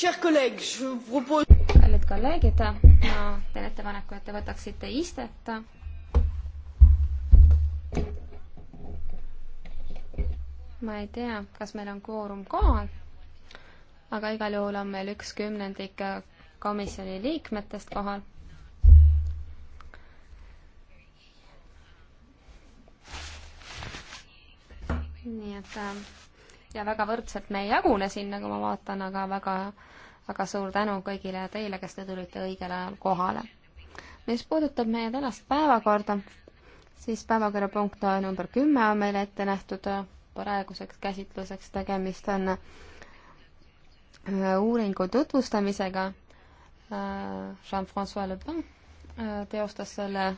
kallid kolleegid, ma teen ettepaneku, et te võtaksite istet. ma ei tea, kas meil on kvoorum kohal, aga igal juhul on meil üks kümnendik komisjoni liikmetest kohal nii et äh, ja väga võrdselt me ei jagune siin, nagu ma vaatan, aga väga, väga suur tänu kõigile teile, kes te tulite õigel ajal kohale. mis puudutab meie tänast päevakorda, siis päevakorrapunkt number kümme on meile ette nähtud praeguseks käsitluseks, tegemist on äh, uuringu tutvustamisega. Äh, Jean-François Le Pen äh, teostas selle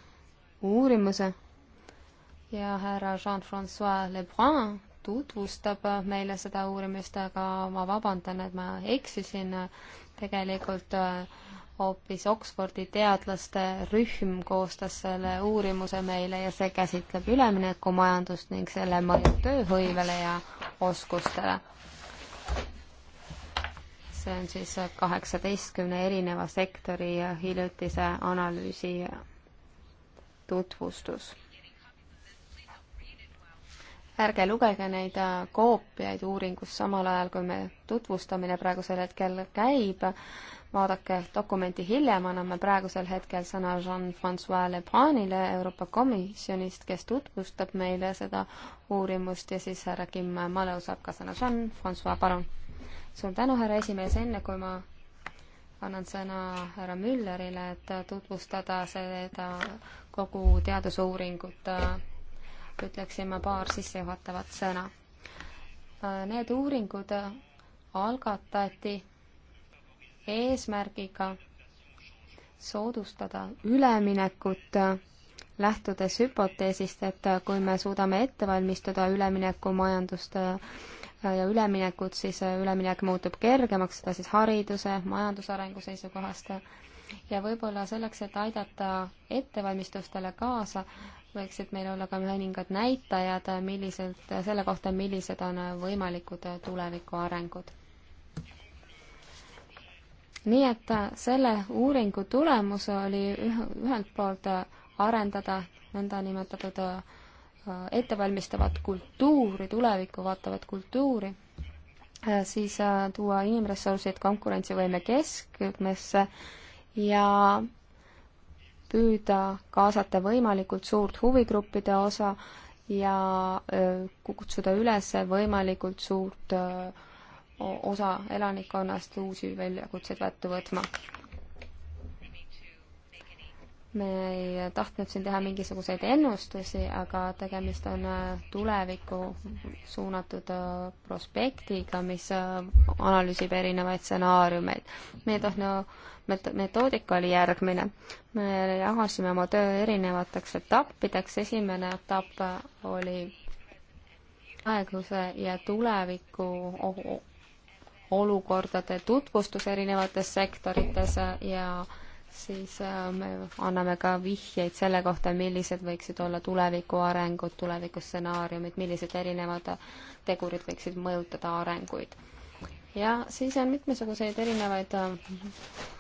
uurimuse ja härra Jean-François Le Brun tutvustab meile seda uurimist, aga ma vabandan, et ma eksisin, tegelikult äh, hoopis Oxfordi teadlaste rühm koostas selle uurimuse meile ja see käsitleb üleminekumajandust ning selle mõju tööhõivele ja oskustele. see on siis kaheksateistkümne erineva sektori hiljutise analüüsi tutvustus ärge lugege neid äh, koopiaid uuringust samal ajal, kui me tutvustamine praegusel hetkel käib, vaadake dokumenti hiljem, anname praegusel hetkel sõna Jean-Francois Lebranile Euroopa Komisjonist, kes tutvustab meile seda uurimust ja siis härra Kim Maleu saab ka sõna. Jean-Francois, palun. suur tänu, härra esimees, enne kui ma annan sõna härra Müllerile, et tutvustada seda kogu teadusuuringut äh, sellest ütleksin ma paar sissejuhatavat sõna. Need uuringud algatati eesmärgiga soodustada üleminekut, lähtudes hüpoteesist, et kui me suudame ette valmistada üleminekumajandust ja üleminekut, siis üleminek muutub kergemaks, seda siis hariduse, majandusarengu seisukohast ja võib-olla selleks, et aidata ettevalmistustele kaasa, võiksid meil olla ka mõningad näitajad, millised, selle kohta, millised on võimalikud tuleviku arengud. nii et selle uuringu tulemus oli ühelt poolt arendada nõndanimetatud äh, ettevalmistavat kultuuri, tulevikku vaatavat kultuuri, äh, siis äh, tuua inimressursid konkurentsivõime keskmesse ja püüda kaasata võimalikult suurt huvigruppide osa ja kutsuda üles võimalikult suurt osa elanikkonnast uusi väljakutseid ette võtma. me ei tahtnud siin teha mingisuguseid ennustusi, aga tegemist on tulevikku suunatud prospektiga, mis analüüsib erinevaid stsenaariumeid. me ei tahtnud metoodika oli järgmine. me jagasime oma töö erinevateks etappideks, esimene etapp oli aegluse ja tuleviku olukordade tutvustus erinevates sektorites ja siis äh, me anname ka vihjeid selle kohta, millised võiksid olla tuleviku arengud, tulevikustsenaariumid, millised erinevad tegurid võiksid mõjutada arenguid. ja siis on mitmesuguseid erinevaid äh,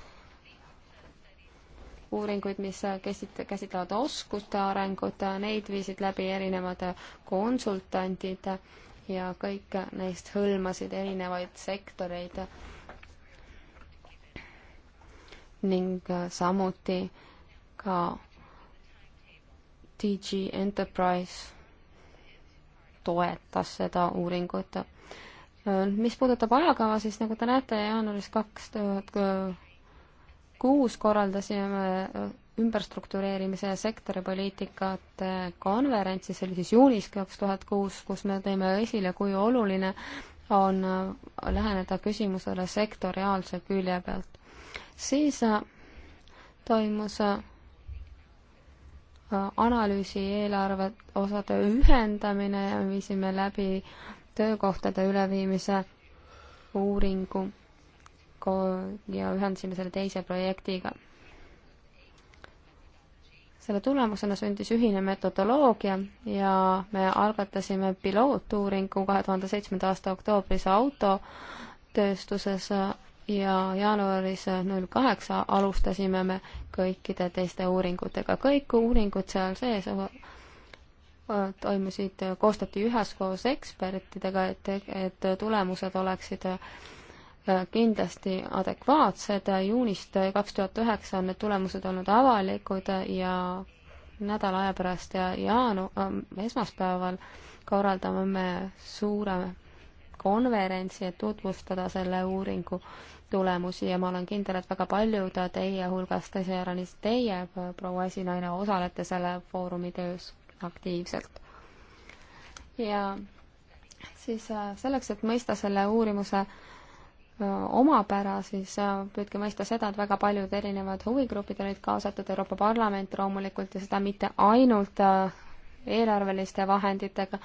uuringuid, mis käsit-, käsitlevad oskuste arengut, neid viisid läbi erinevad konsultandid ja kõik neist hõlmasid erinevaid sektoreid. ning samuti ka DG Enterprise toetas seda uuringut. mis puudutab ajakava, siis nagu te näete, jaanuaris kaks tuhat kuus korraldasime äh, ümberstruktureerimise ja sektoripoliitikate konverentsi, see oli siis juunis kaks tuhat kuus, kus me tõime esile, kui oluline on äh, läheneda küsimusele sektoriaalse külje pealt. siis äh, toimus analüüsi eelarve osade ühendamine ja viisime läbi töökohtade üleviimise uuringu ja ühendasime selle teise projektiga. selle tulemusena sündis ühine metodoloogia ja me algatasime pilootuuringu kahe tuhande seitsmenda aasta oktoobris autotööstuses ja jaanuaris null kaheksa alustasime me kõikide teiste uuringutega. kõik uuringud seal sees toimusid, koostati üheskoos ekspertidega, et, et tulemused oleksid kindlasti adekvaatsed, juunist kaks tuhat üheksa on need tulemused olnud avalikud ja nädala aja pärast ja jaanu- äh,, esmaspäeval korraldame me suure konverentsi, et tutvustada selle uuringu tulemusi ja ma olen kindel, et väga paljud teie hulgast, iseäranis teie, proua esinaine, osalete selle foorumi töös aktiivselt. ja siis äh, selleks, et mõista selle uurimuse äh, omapära, siis püüdke mõista seda, et väga paljud erinevad huvigrupid olid kaasatud, Euroopa Parlament loomulikult ja seda mitte ainult eelarveliste vahenditega,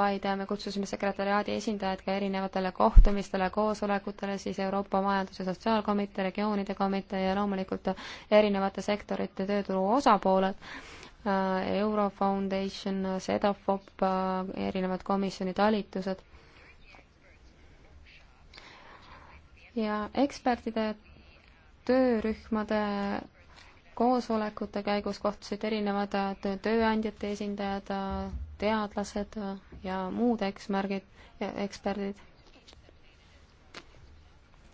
vaid me kutsusime sekretäriaadi esindajad ka erinevatele kohtumistele, koosolekutele, siis Euroopa Majandus- ja Sotsiaalkomitee, regioonide komitee ja loomulikult erinevate sektorite tööturu osapooled, Euro Foundation, Sedafop, erinevad komisjoni talitused ja ekspertide töörühmade koosolekute käigus kohtusid erinevad tööandjate esindajad, teadlased ja muud eksmärgid, eksperdid.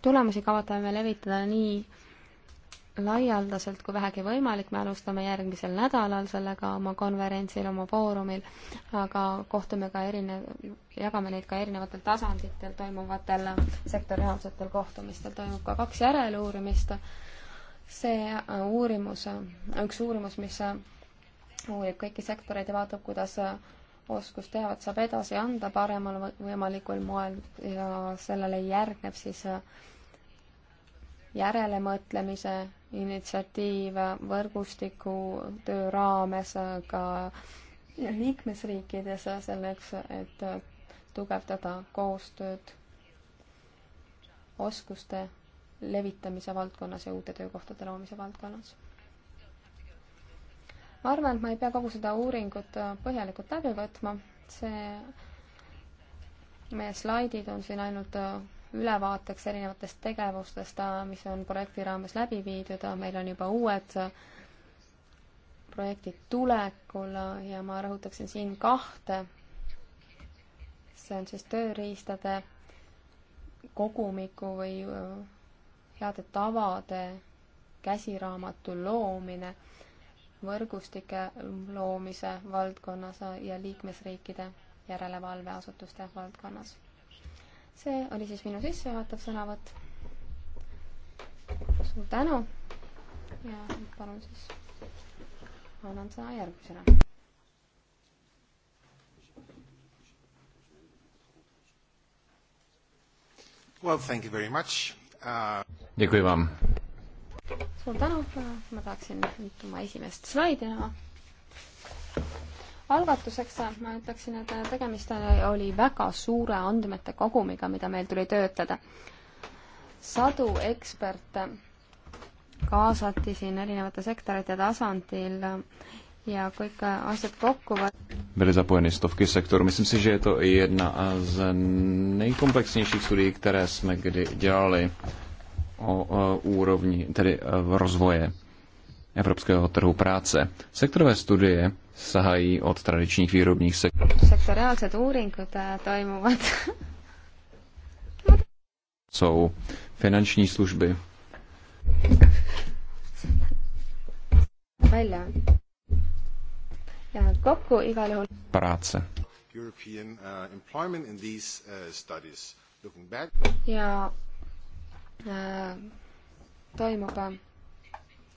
tulemusi kavatame levitada nii laialdaselt, kui vähegi võimalik, me alustame järgmisel nädalal sellega oma konverentsil, oma foorumil, aga kohtume ka erinev, jagame neid ka erinevatel tasanditel toimuvatel sektoriaalsetel kohtumistel, toimub ka kaks järeluurimist. see uurimus, üks uurimus, mis uurib kõiki sektoreid ja vaatab, kuidas oskusteavet saab edasi anda paremal võimalikul moel ja sellele järgneb siis järelemõtlemise initsiatiive võrgustiku töö raames ka liikmesriikides selleks, et tugevdada koostööd oskuste levitamise valdkonnas ja uute töökohtade loomise valdkonnas. ma arvan, et ma ei pea kogu seda uuringut põhjalikult läbi võtma, see, meie slaidid on siin ainult ülevaateks erinevatest tegevustest, äh, mis on projekti raames läbi viidud, äh, meil on juba uued äh, projektid tulekul ja ma rõhutaksin siin kahte. see on siis tööriistade kogumiku või heade tavade käsiraamatu loomine, võrgustike loomise valdkonnas ja liikmesriikide järelevalveasutuste valdkonnas see oli siis minu sissejuhatav sõnavõtt. suur tänu ja palun siis annan sõna järgmisele. Well, thank you very much. Uh... Děkuji vám. Suur tänu, ma tahaksin nüüd oma esimest slaidi näha algatuseks ma ütleksin, et tegemist oli väga suure andmete kogumiga, mida meil tuli töötada. sadu eksperte kaasati siin erinevate sektorite tasandil ja kõik asjad kokku. Byly zapojeny stovky sektorů. Myslím si, že je to i jedna z nejkomplexnějších studií, které jsme kdy dělali o, o úrovni, tedy v rozvoje evropského trhu práce. Sektorové studie sahají od tradičních výrobních sektorů. Sektoriálsed uuringud äh, toimuvad. Jsou finanční služby. Välja. Ja kokku igal juhul. Práce. European uh, employment in these uh, studies. Looking back. Ja äh, toimub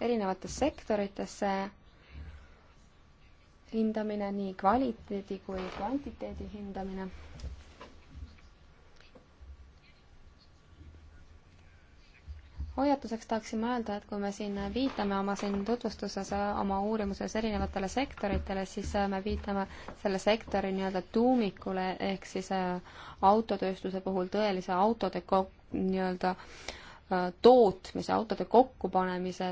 erinevatesse sektoritesse hindamine, nii kvaliteedi kui kvantiteedi hindamine. hoiatuseks tahaksin ma öelda, et kui me siin viitame oma siin tutvustuses, oma uurimuses erinevatele sektoritele, siis me viitame selle sektori nii-öelda tuumikule ehk siis autotööstuse puhul tõelise autode nii-öelda äh, Äh, tootmise, autode kokkupanemise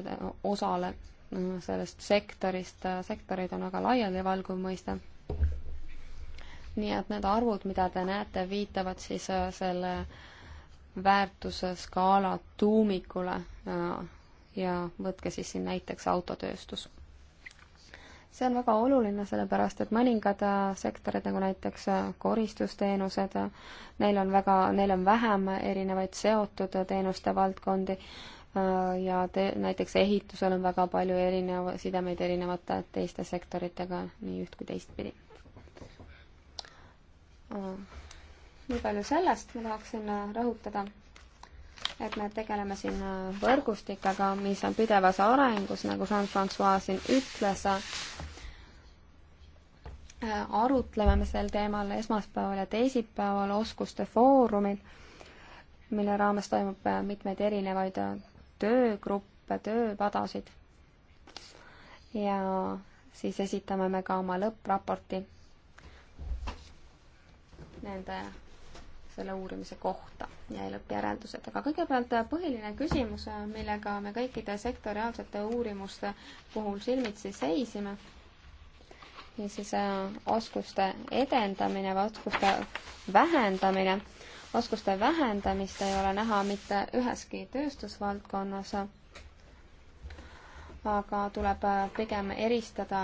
osale äh, sellest sektorist, äh, sektoreid on väga laialivalguv mõiste. nii et need arvud, mida te näete, viitavad siis selle väärtusskaala tuumikule ja, ja võtke siis siin näiteks autotööstus see on väga oluline, sellepärast et mõningad äh, sektorid, nagu näiteks äh, koristusteenused, äh, neil on väga, neil on vähem erinevaid seotud teenuste valdkondi ja te, näiteks ehitusel on väga palju erineva, sidemeid erinevate teiste sektoritega, nii üht kui teistpidi. nii palju sellest ma tahaksin rõhutada et me tegeleme siin võrgustikega, mis on pidevas arengus, nagu Jean-Francois siin ütles. arutleme me sel teemal esmaspäeval ja teisipäeval oskuste foorumil, mille raames toimub mitmeid erinevaid töögruppe, tööpadasid. ja siis esitame me ka oma lõppraporti nende selle uurimise kohta ja lõppjäreldused. aga kõigepealt põhiline küsimus, millega me kõikide sektoriaalsete uurimuste puhul silmitsi seisime, niisiis äh, oskuste edendamine või oskuste vähendamine. oskuste vähendamist ei ole näha mitte üheski tööstusvaldkonnas, aga tuleb äh, pigem eristada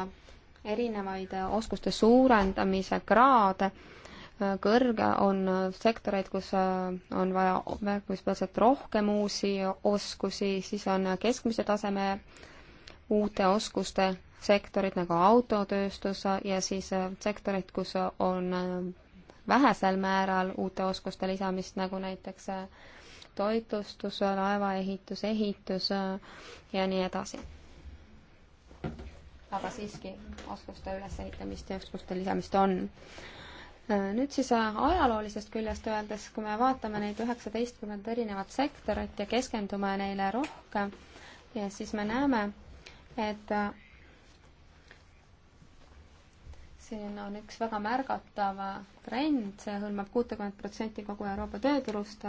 erinevaid äh, oskuste suurendamise kraade kõrge, on sektoreid, kus äh, on vaja märkimisväärselt rohkem uusi oskusi, siis on keskmise taseme uute oskuste sektorid nagu autotööstus ja siis äh, sektorid, kus on äh, vähesel määral uute oskuste lisamist, nagu näiteks toitlustus, laevaehitus, ehitus ja nii edasi. aga siiski oskuste ülesehitamist ja oskuste lisamist on nüüd siis äh, ajaloolisest küljest öeldes, kui me vaatame neid üheksateistkümnendat erinevat sektorit ja keskendume neile rohkem, ja siis me näeme, et äh, siin on üks väga märgatav äh, trend, see hõlmab kuutekümmet protsenti kogu Euroopa tööturust.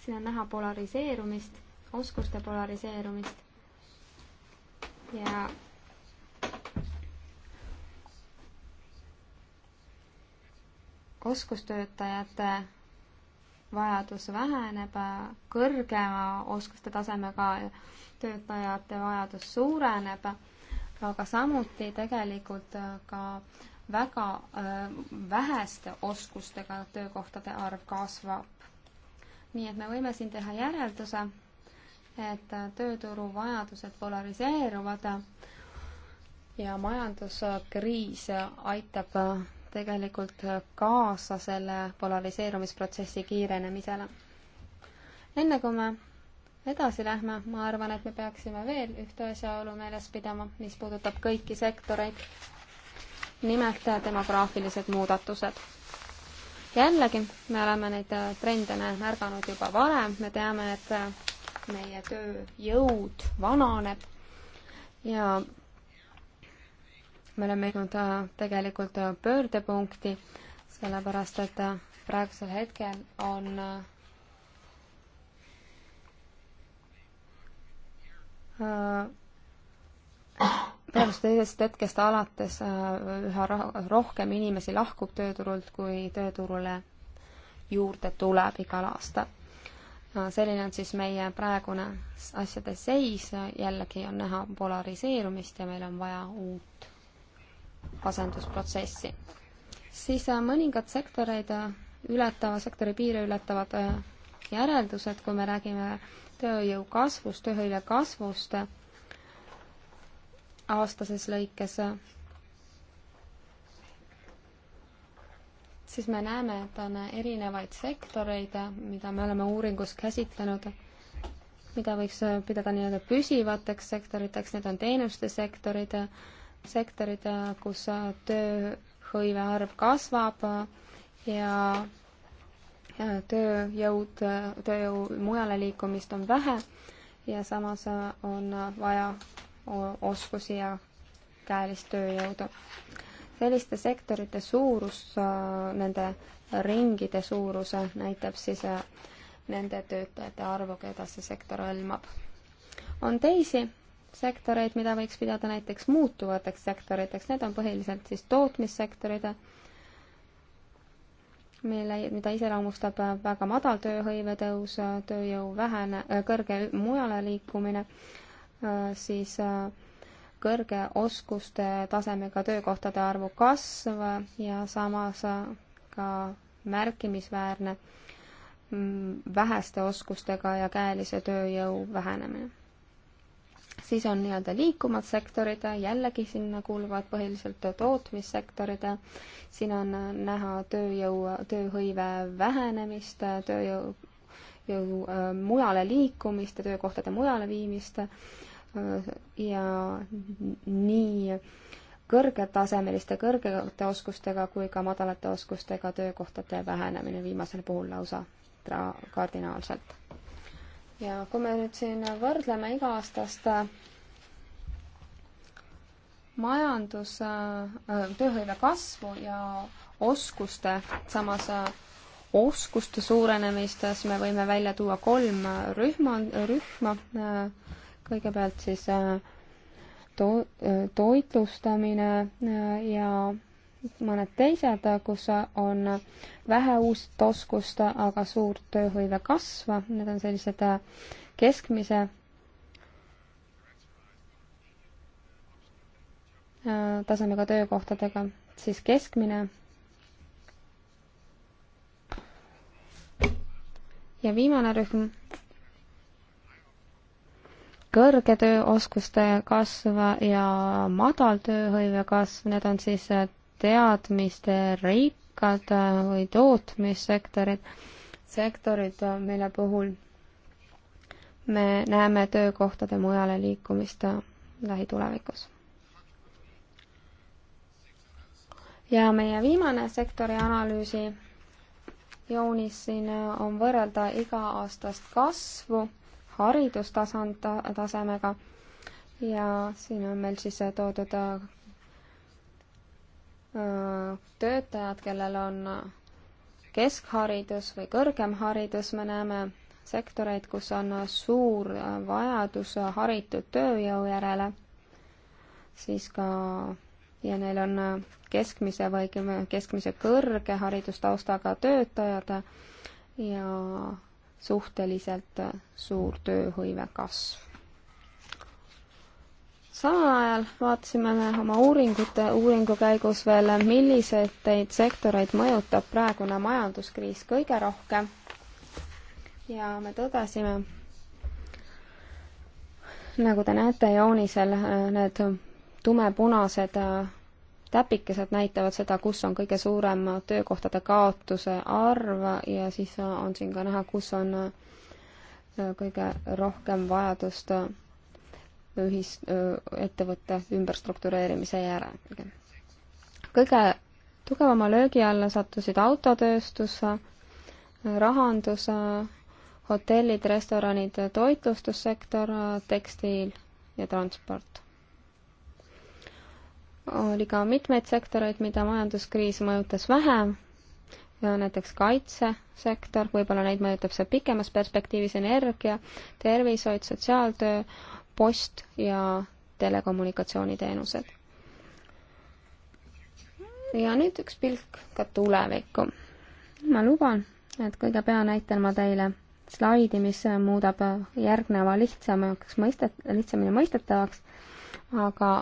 siin on näha polariseerumist, oskuste polariseerumist ja oskustöötajate vajadus väheneb, kõrgema oskuste tasemega töötajate vajadus suureneb, aga samuti tegelikult ka väga äh, väheste oskustega töökohtade arv kasvab. nii et me võime siin teha järelduse, et tööturu vajadused polariseeruvad ja majanduskriis aitab tegelikult kaasa selle polariseerumisprotsessi kiirenemisele. enne kui me edasi lähme, ma arvan, et me peaksime veel ühte asjaolu meeles pidama, mis puudutab kõiki sektoreid. nimelt demograafilised muudatused. jällegi, me oleme neid trende märganud juba varem, me teame, et meie tööjõud vananeb ja me oleme jõudnud äh, tegelikult äh, pöördepunkti, sellepärast et äh, praegusel hetkel on praegusest hetkest alates üha rohkem inimesi lahkub tööturult, kui tööturule juurde tuleb igal aastal selline on siis meie praegune asjade seis, jällegi on näha polariseerumist ja meil on vaja uut asendusprotsessi. siis äh, mõningad sektoreid äh, ületava, sektori piire ületavad äh, järeldused, kui me räägime tööjõu kasvust, tööhõive kasvust aastases lõikes, siis me näeme, et on erinevaid sektoreid, mida me oleme uuringus käsitlenud, mida võiks pidada nii-öelda püsivateks sektoriteks, need on teenuste sektorid, sektorid, kus tööhõive arv kasvab ja tööjõud, tööjõu mujale liikumist on vähe ja samas on vaja oskusi ja käelist tööjõudu. selliste sektorite suurus, nende ringide suuruse näitab siis nende töötajate arvu, keda see sektor hõlmab. on teisi sektoreid, mida võiks pidada näiteks muutuvateks sektoriteks, need on põhiliselt siis tootmissektorid, mille, mida iseloomustab väga madal tööhõive tõus, tööjõu vähene, kõrge mujale liikumine, siis kõrge oskuste tasemega töökohtade arvu kasv ja samas ka märkimisväärne väheste oskustega ja käelise tööjõu vähenemine siis on nii-öelda liikumad sektorid, jällegi sinna kuuluvad põhiliselt tootmissektorid, siin on näha tööjõu, tööhõive vähenemist, tööjõu jõu äh, mujale liikumist ja töökohtade mujale viimist ja nii kõrgetasemeliste kõrgete oskustega kui ka madalate oskustega töökohtade vähenemine viimasel puhul lausa kardinaalselt ja kui me nüüd siin võrdleme iga-aastast äh, majandus äh, äh,, tööhõive kasvu ja oskuste, samas äh, oskuste suurenemist, siis me võime välja tuua kolm rühma, rühma. kõigepealt siis to-, toitlustamine ja mõned teised, kus on vähe uust oskust, aga suurt tööhõive kasv, need on sellised keskmise tasemega töökohtadega, siis keskmine ja viimane rühm, kõrge tööoskuste kasv ja madal tööhõive kasv, need on siis teadmisterikkad äh, või tootmissektorid, sektorid, äh, mille puhul me näeme töökohtade mujale liikumist äh, lähitulevikus. ja meie viimane sektori analüüsi joonis siin on võrrelda iga-aastast kasvu haridustasand, tasemega ja siin on meil siis toodud töötajad, kellel on keskharidus või kõrgem haridus, me näeme sektoreid, kus on suur vajadus haritud tööjõu järele, siis ka ja neil on keskmise või keskmise kõrge haridustaustaga töötajad ja suhteliselt suur tööhõive kasv samal ajal vaatasime me oma uuringute, uuringu käigus veel, millised teid sektoreid mõjutab praegune majanduskriis kõige rohkem. ja me tõdesime, nagu te näete joonisel, need tumepunased täpikesed näitavad seda, kus on kõige suurem töökohtade kaotuse arv ja siis on siin ka näha, kus on kõige rohkem vajadust ühis, ettevõtte ümberstruktureerimise järel. kõige tugevama löögi alla sattusid autotööstus, rahandus, hotellid, restoranid, toitlustussektor, tekstiil ja transport. oli ka mitmeid sektoreid, mida majanduskriis mõjutas vähem, näiteks kaitsesektor, võib-olla neid mõjutab see pikemas perspektiivis energia, tervishoid, sotsiaaltöö, post ja telekommunikatsiooniteenused. ja nüüd üks pilk ka tulevikku. ma luban, et kõigepealt näitan ma teile slaidi, mis muudab järgneva lihtsamaks mõistet, lihtsamini mõistetavaks, aga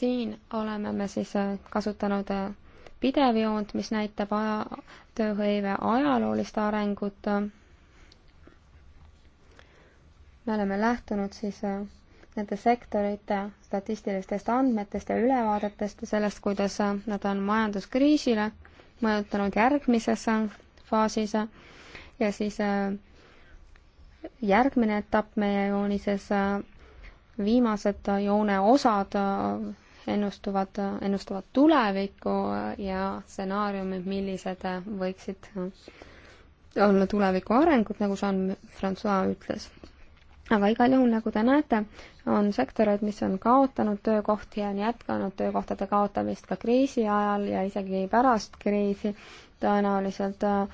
siin oleme me siis kasutanud pidev joont, mis näitab aja, tööhõive ajaloolist arengut me oleme lähtunud siis äh, nende sektorite statistilistest andmetest ja ülevaadetest ja sellest, kuidas äh, nad on majanduskriisile mõjutanud järgmises äh, faasis ja siis järgmine etapp meie joonises, viimased joone osad ennustuvad, ennustuvad tulevikku ja stsenaariumid, millised võiksid olla tuleviku arengud, nagu Jean-Francois ütles aga igal juhul, nagu te näete, on sektoreid, mis on kaotanud töökohti ja on jätkanud töökohtade kaotamist ka kriisi ajal ja isegi pärast kriisi. tõenäoliselt äh,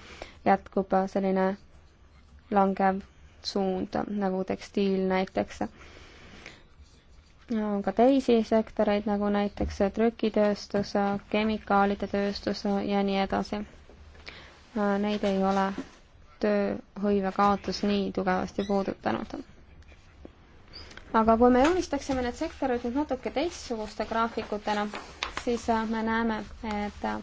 jätkub äh, selline langev suund, nagu tekstiil näiteks. on ka teisi sektoreid, nagu näiteks trükitööstus, äh, kemikaalide tööstus ja nii edasi. Neid ei ole tööhõive kaotus nii tugevasti puudutanud aga kui me joonistaksime need sektorid nüüd natuke teistsuguste graafikutena, siis äh, me näeme, et äh,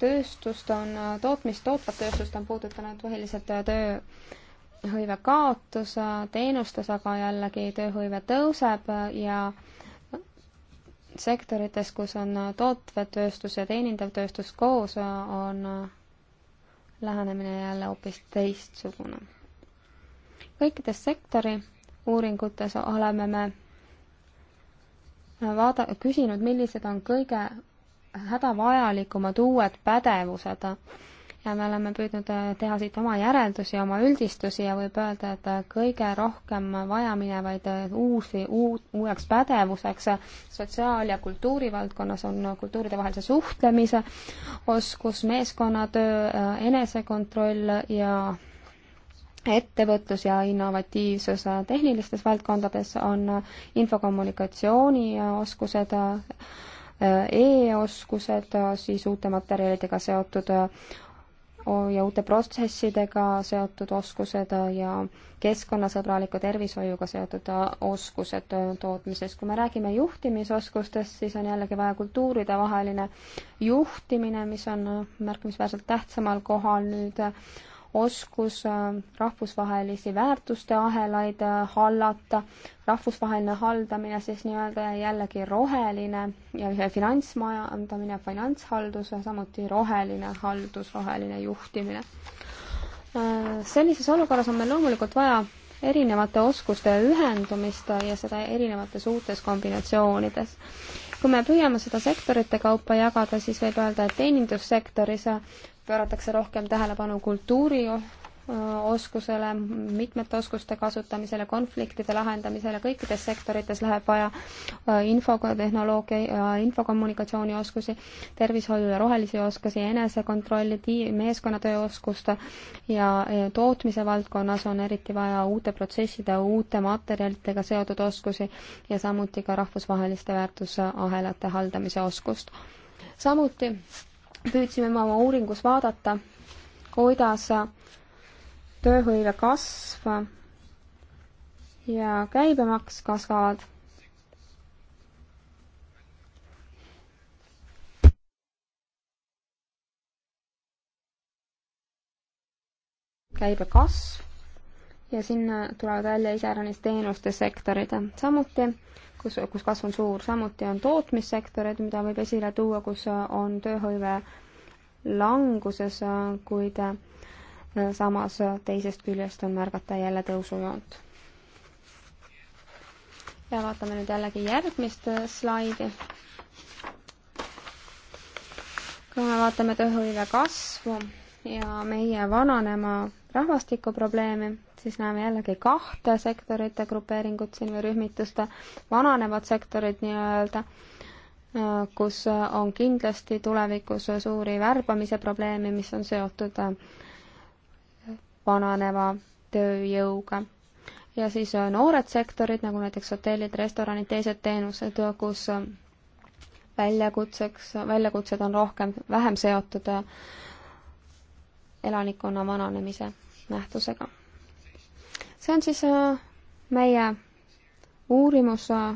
tööstust on, äh, tootmist, tootvat tööstust on puudutanud põhiliselt tööhõive kaotus, teenustes aga jällegi tööhõive tõuseb ja sektorites, kus on tootv tööstus ja teenindav tööstus koos, on lähenemine jälle hoopis teistsugune. kõikides sektori uuringutes oleme me vaada-, küsinud, millised on kõige hädavajalikumad uued pädevused ja me oleme püüdnud äh, teha siit oma järeldusi, oma üldistusi ja võib öelda, et äh, kõige rohkem vajaminevaid äh, uusi, uut, uueks pädevuseks sotsiaal- ja kultuurivaldkonnas on kultuuridevahelise suhtlemise oskus, meeskonnatöö, enesekontroll ja ettevõtlus ja innovatiivsus äh, tehnilistes valdkondades on äh, infokommunikatsioonioskused, äh, e-oskused, siis uute materjalidega seotud ja uute protsessidega seotud oskused ja keskkonnasõbraliku tervishoiuga seotud oskused tootmises. kui me räägime juhtimisoskustest, siis on jällegi vaja kultuuridevaheline juhtimine, mis on märkimisväärselt tähtsamal kohal nüüd oskus äh, rahvusvahelisi väärtuste ahelaid äh, hallata, rahvusvaheline haldamine siis nii-öelda jällegi roheline ja finantsmajandamine, finantshaldus ja samuti roheline haldus, roheline juhtimine. Äh, sellises olukorras on meil loomulikult vaja erinevate oskuste ühendumist ja seda erinevates uutes kombinatsioonides. kui me püüame seda sektorite kaupa jagada, siis võib öelda, et teenindussektoris pööratakse rohkem tähelepanu kultuuri äh, oskusele, mitmete oskuste kasutamisele, konfliktide lahendamisele, kõikides sektorites läheb vaja äh, infotehnoloogia ja infokommunikatsiooni oskusi, tervishoiu ja rohelisi oskusi, enesekontrolli, meeskonnatöö oskust ja tootmise valdkonnas on eriti vaja uute protsesside, uute materjalidega seotud oskusi ja samuti ka rahvusvaheliste väärtusahelate haldamise oskust. samuti püüdsime me oma uuringus vaadata, kuidas tööhõive kasv ja käibemaks kasvavad. käibe kasv ja sinna tulevad välja iseäranis teenuste sektorid. samuti kus, kus kasv on suur, samuti on tootmissektoreid, mida võib esile tuua, kus on tööhõive languses, kuid äh, samas teisest küljest on märgata jälle tõusujoont. ja vaatame nüüd jällegi järgmist äh, slaidi. kui me vaatame tööhõive kasvu ja meie vananema rahvastikuprobleemi, siis näeme jällegi kahte sektorite grupeeringut siin või rühmitust, vananevad sektorid nii-öelda, kus on kindlasti tulevikus suuri värbamise probleeme, mis on seotud vananeva tööjõuga. ja siis noored sektorid, nagu näiteks hotellid, restoranid, teised teenused, kus väljakutseks, väljakutsed on rohkem, vähem seotud elanikkonna vananemise nähtusega see on siis äh, meie uurimus äh,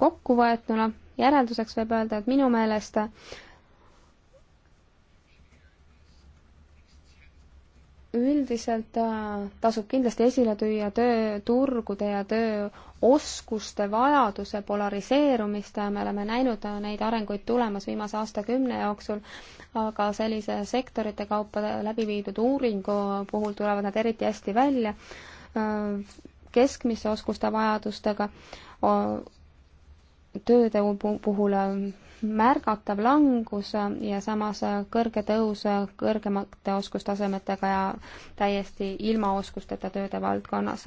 kokkuvõetuna. järelduseks võib öelda, et minu meelest äh, üldiselt tasub kindlasti esile tüüa tööturgude ja tööoskuste vajaduse polariseerumist, me oleme näinud neid arenguid tulemas viimase aastakümne jooksul, aga sellise sektorite kaupa läbi viidud uuringu puhul tulevad nad eriti hästi välja keskmise oskuste vajadustega tööde puhul äh, märgatav langus äh, ja samas äh, kõrge tõus kõrgemate oskustasemetega ja täiesti ilma oskusteta tööde valdkonnas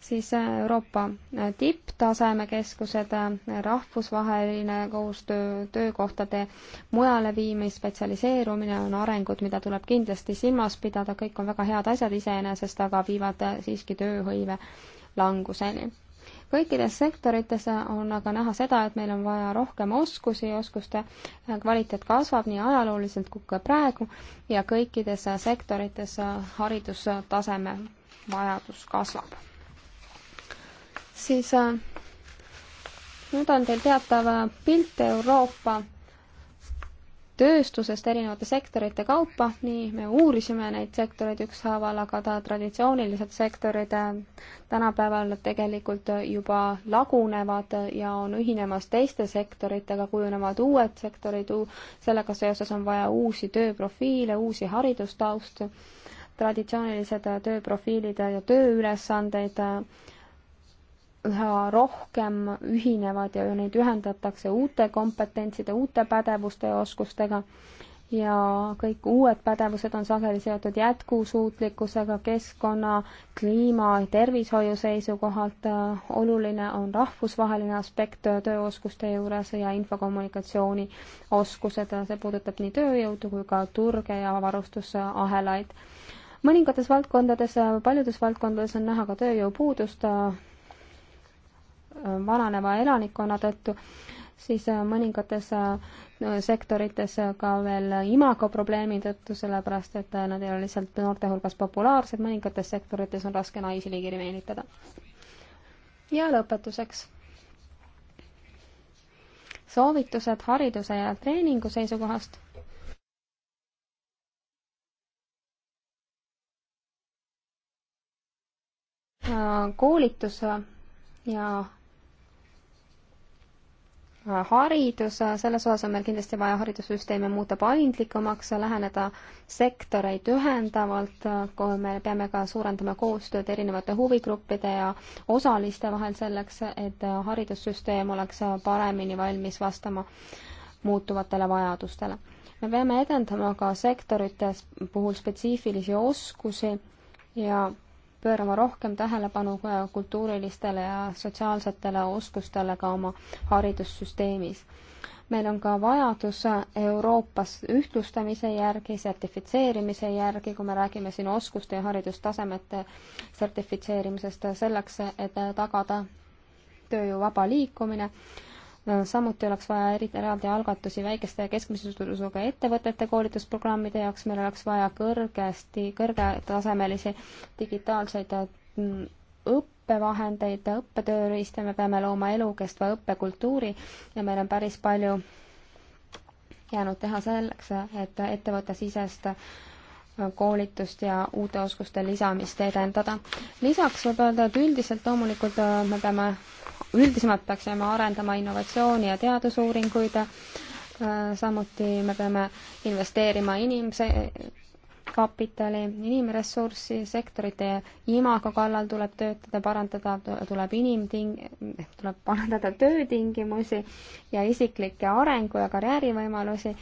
siis äh, Euroopa äh, tipptasemekeskused, äh, rahvusvaheline koostöö, töökohtade mujale viimine, spetsialiseerumine on arengud, mida tuleb kindlasti silmas pidada, kõik on väga head asjad iseenesest, aga viivad siiski tööhõive languseni. kõikides sektorites on aga näha seda, et meil on vaja rohkem oskusi, oskuste kvaliteet kasvab nii ajalooliselt kui ka praegu ja kõikides sektorites haridustaseme vajadus kasvab siis äh, nüüd on teil teatav äh, pilt Euroopa tööstusest erinevate sektorite kaupa, nii me uurisime neid sektoreid ükshaaval, aga ta traditsioonilised sektorid äh, tänapäeval tegelikult juba lagunevad ja on ühinemas teiste sektoritega, kujunevad uued sektorid, sellega seoses on vaja uusi tööprofiile, uusi haridustaustu, traditsioonilised tööprofiilid ja tööülesandeid üha rohkem ühinevad ja neid ühendatakse uute kompetentside, uute pädevuste ja oskustega ja kõik uued pädevused on sageli seotud jätkusuutlikkusega, keskkonna, kliima, tervishoiu seisukohalt. oluline on rahvusvaheline aspekt tööoskuste juures ja infokommunikatsiooni oskused, see puudutab nii tööjõudu kui ka turge ja varustusahelaid mõningates valdkondades, paljudes valdkondades on näha ka tööjõupuudust, vananeva elanikkonna tõttu, siis äh, mõningates äh, sektorites äh, ka veel imago probleemi tõttu, sellepärast et nad ei ole lihtsalt noorte hulgas populaarsed, mõningates sektorites on raske naisi ligi meelitada. ja lõpetuseks. soovitused hariduse ja treeningu seisukohast koolitus ja Äh, haridus, selles osas on meil kindlasti vaja haridussüsteeme muuta paindlikumaks, läheneda sektoreid ühendavalt, kui me peame ka suurendama koostööd erinevate huvigruppide ja osaliste vahel selleks, et haridussüsteem oleks paremini valmis vastama muutuvatele vajadustele. me peame edendama ka sektorites puhul spetsiifilisi oskusi ja pöörama rohkem tähelepanu kultuurilistele ja sotsiaalsetele oskustele ka oma haridussüsteemis. meil on ka vajadus Euroopas ühtlustamise järgi, sertifitseerimise järgi, kui me räägime siin oskuste ja haridustasemete sertifitseerimisest, selleks, et tagada tööjõu vaba liikumine samuti oleks vaja eraldi algatusi väikeste ja keskmise suurusega ettevõtete koolitusprogrammide jaoks, meil oleks vaja kõrgesti, kõrgetasemelisi digitaalseid mm, õppevahendeid, õppetööriiste, me peame looma elukestva õppekultuuri ja meil on päris palju jäänud teha selleks, et ettevõttesisest koolitust ja uute oskuste lisamist edendada. lisaks võib öelda, et üldiselt loomulikult äh, me peame, üldisemalt peaksime arendama innovatsiooni ja teadusuuringuid, äh, samuti me peame investeerima inimese, kapitali, inimressurssi, sektorite imago kallal tuleb töötada, parandada, tuleb inimting-, tuleb parandada töötingimusi ja isiklikke arengu- ja karjäärivõimalusi,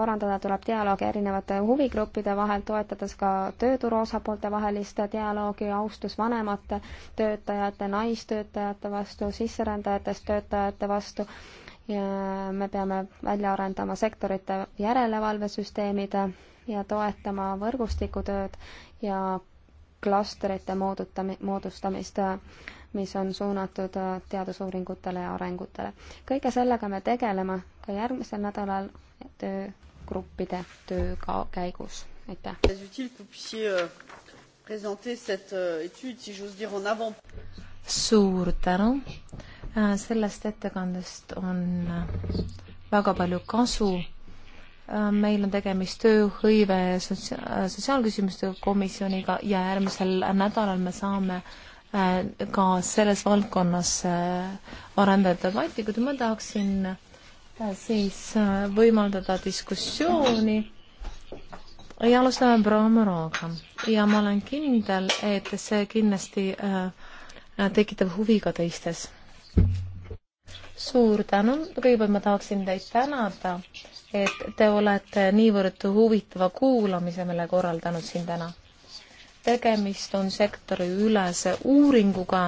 parandada tuleb dialoogi erinevate huvigruppide vahel, toetades ka tööturu osapoolte vahelist dialoogi, austus vanemate töötajate, naistöötajate vastu, sisserändajatest töötajate vastu ja me peame välja arendama sektorite järelevalvesüsteemid ja toetama võrgustikutööd ja klastrite moodutami-, moodustamist, mis on suunatud teadusuuringutele ja arengutele. kõige sellega me tegeleme ka järgmisel nädalal töögruppide töö ka-, käigus, aitäh. Euh, euh, suur tänu, äh, sellest ettekandest on äh, väga palju kasu Äh, meil on tegemist tööhõive ja sotsia-, äh, sotsiaalküsimuste komisjoniga ja järgmisel nädalal me saame äh, ka selles valdkonnas arendada debatti, kuid ma tahaksin siis võimaldada diskussiooni ja alustame proua Moroga ja ma olen kindel, et see kindlasti tekitab huvi ka teistes. suur tänu, kõigepealt ma tahaksin teid tänada et te olete niivõrd huvitava kuulamise meile korraldanud siin täna. tegemist on sektoriülese uuringuga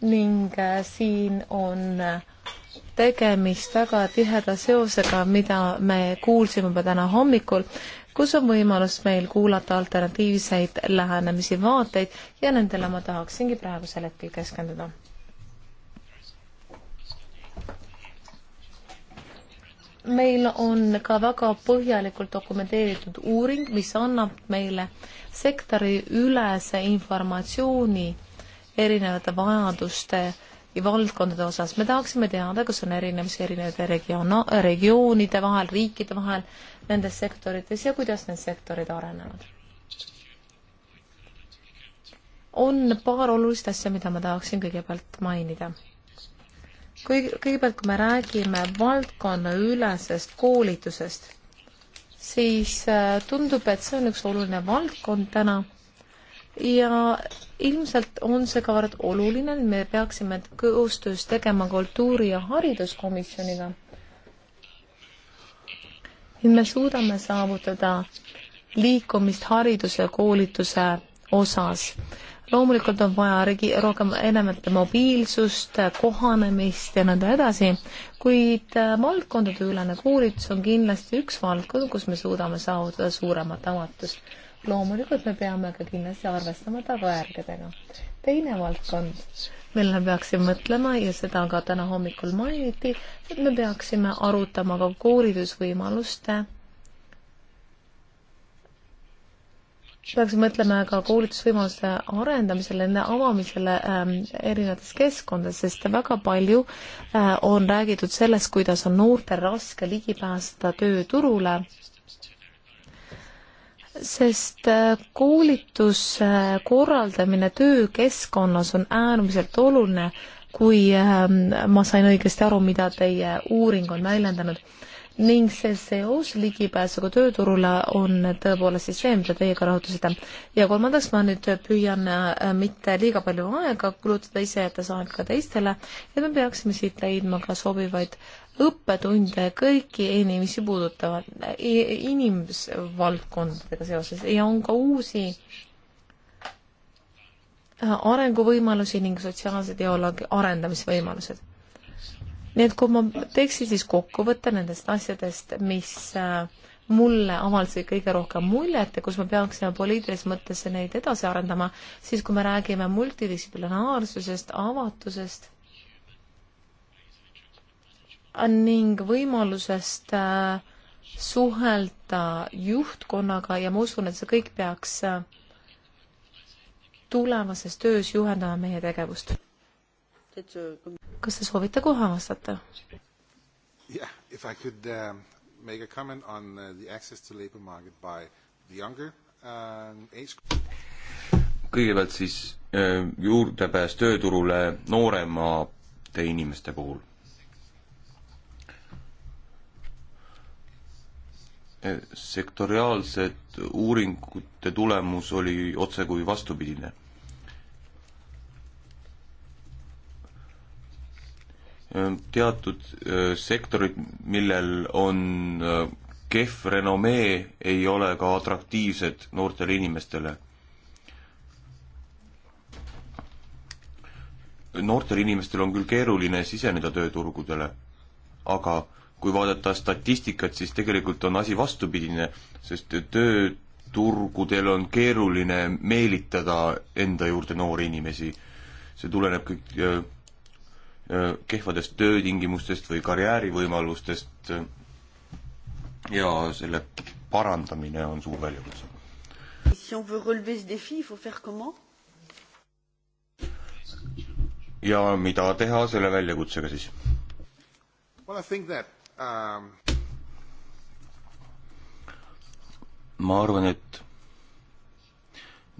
ning äh, siin on äh, tegemist väga tiheda seosega, mida me kuulsime juba täna hommikul, kus on võimalus meil kuulata alternatiivseid lähenemisi, vaateid ja nendele ma tahaksingi praegusel hetkel keskenduda meil on ka väga põhjalikult dokumenteeritud uuring, mis annab meile sektoriülese informatsiooni erinevate vajaduste valdkondade osas. me tahaksime teada, kas on erinevusi erinevate regioona, regioonide vahel, riikide vahel, nendes sektorites ja kuidas need sektorid arenevad. on paar olulist asja, mida ma tahaksin kõigepealt mainida kui kõigepealt, kui me räägime valdkonnaülesest koolitusest, siis äh, tundub, et see on üks oluline valdkond täna ja ilmselt on see ka väga oluline, me peaksime koostöös tegema kultuuri- ja hariduskomisjoniga. et me suudame saavutada liikumist hariduse ja koolituse osas loomulikult on vaja regi-, rohkem enemete mobiilsust, kohanemist ja nõnda edasi, kuid äh, valdkondade ülene koolitus on kindlasti üks valdkond, kus me suudame saavutada suuremat avatust. loomulikult me peame ka kindlasti arvestama tagajärgedega. teine valdkond, millele peaksime mõtlema ja seda ka täna hommikul mainiti, et me peaksime arutama ka koolitusvõimaluste peaks mõtlema ka koolitusvõimaluste arendamisele, nende avamisele ähm, erinevates keskkondades, sest väga palju äh, on räägitud sellest, kuidas on noortel raske ligi pääseda tööturule, sest äh, koolituse äh, korraldamine töökeskkonnas on äärmiselt oluline, kui äh, ma sain õigesti aru, mida teie uuring on väljendanud ning see seos ligipääsuga tööturule on tõepoolest siis see, mida teiega rõhutasite. ja kolmandaks ma nüüd püüan äh, mitte liiga palju aega kulutada, ise jättes aega ka teistele, et me peaksime siit leidma ka sobivaid õppetunde kõiki inimesi puudutavad, e, inimvaldkondadega seoses ja on ka uusi äh, arenguvõimalusi ning sotsiaalse dialoogi arendamisvõimalused nii et kui ma teeksin siis kokkuvõtte nendest asjadest, mis äh, mulle avaldasid kõige rohkem muljet ja kus me peaksime poliitilises mõttes neid edasi arendama, siis kui me räägime multidistsiplinaarsusest, avatusest äh, ning võimalusest äh, suhelda juhtkonnaga ja ma usun, et see kõik peaks tulevases töös juhendama meie tegevust kas te soovite kohe vastata? Yeah, if I could uh, make a comment on uh, the access to labor market by the younger uh, age kõigepealt siis uh, juurdepääs tööturule nooremate inimeste puhul. Eh, sektoriaalsed uuringute tulemus oli otsekui vastupidine Ehm, teatud ehm, sektorid, millel on ehm, kehv renomee, ei ole ka atraktiivsed noortele inimestele. noortel inimestel on küll keeruline siseneda tööturgudele, aga kui vaadata statistikat, siis tegelikult on asi vastupidine, sest tööturgudel on keeruline meelitada enda juurde noori inimesi. see tuleneb kõik kehvadest töötingimustest või karjäärivõimalustest ja selle parandamine on suur väljakutse. ja mida teha selle väljakutsega siis? Um, ma arvan, et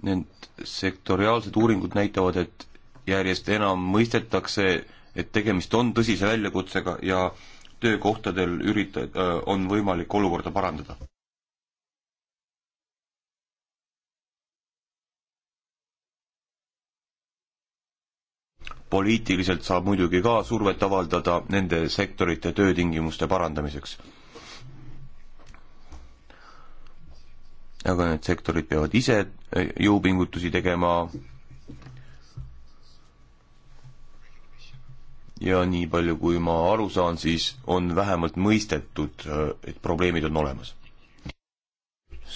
need sektoriaalsed uuringud näitavad, et järjest enam mõistetakse et tegemist on tõsise väljakutsega ja töökohtadel ürita-, on võimalik olukorda parandada. poliitiliselt saab muidugi ka survet avaldada nende sektorite töötingimuste parandamiseks. aga need sektorid peavad ise jõupingutusi tegema, ja nii palju, kui ma aru saan, siis on vähemalt mõistetud, äh, et probleemid on olemas.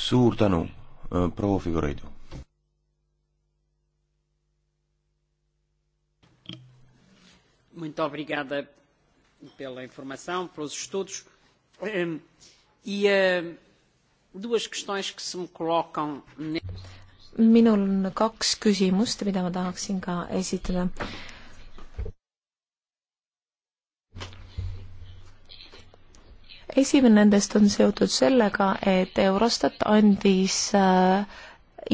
suur tänu, äh, proua Figureidu. Muito obrigada pela informação, pelos estudos. Um, e uh, duas questões que se me colocam. Minul on kaks küsimust, mida ma tahaksin ka esitada. Uh, esimene nendest on seotud sellega, et Eurostat andis äh,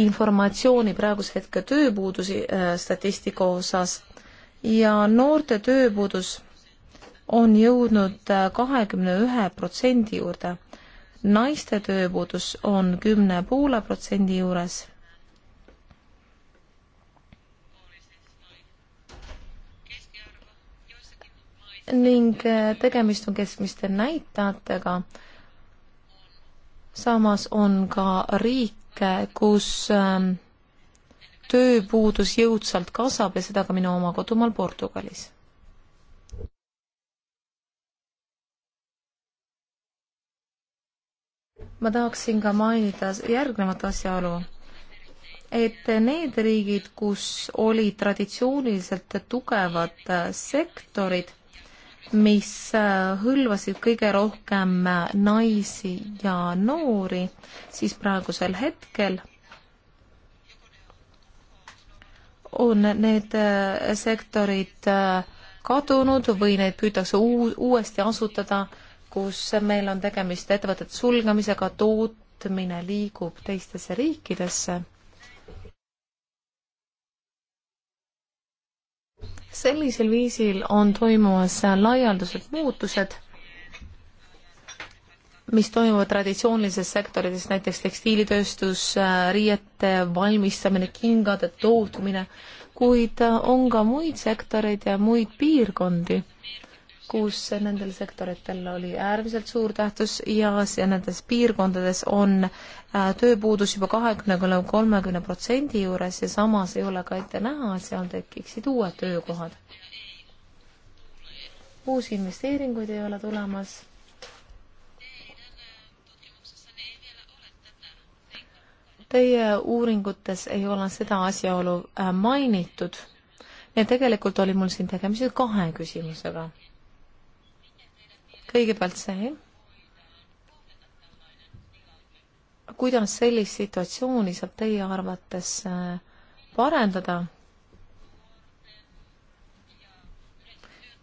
informatsiooni praeguse hetke tööpuuduse äh, statistika osas ja noorte tööpuudus on jõudnud äh, kahekümne ühe protsendi juurde. naiste tööpuudus on kümne poole protsendi juures ning äh, tegemist on keskmiste näitajatega. samas on ka riike, kus ähm, tööpuudus jõudsalt kasvab ja seda ka minu oma kodumaal Portugalis. ma tahaksin ka mainida järgnevat asjaolu et need riigid, kus oli traditsiooniliselt tugevad äh, sektorid, mis äh, hõlvasid kõige rohkem äh, naisi ja noori, siis praegusel hetkel on need äh, sektorid kadunud või neid püütakse uuesti asutada, kus meil on tegemist ettevõtete sulgemisega, tootmine liigub teistesse riikidesse sellisel viisil on toimumas laialdased muutused, mis toimuvad traditsioonilises sektorites, näiteks tekstiilitööstus, riiete valmistamine, kingade tootmine, kuid on ka muid sektoreid ja muid piirkondi kus nendel sektoritel oli äärmiselt suur tähtsus ja see nendes piirkondades on äh, tööpuudus juba kahekümne kuni kolmekümne protsendi juures ja samas ei ole ka ette näha, et seal tekiksid uued töökohad. uusi investeeringuid ei ole tulemas. Teie uuringutes ei ole seda asjaolu äh, mainitud. ja tegelikult oli mul siin tegemist kahe küsimusega kõigepealt see, kuidas sellist situatsiooni saab teie arvates äh, parendada?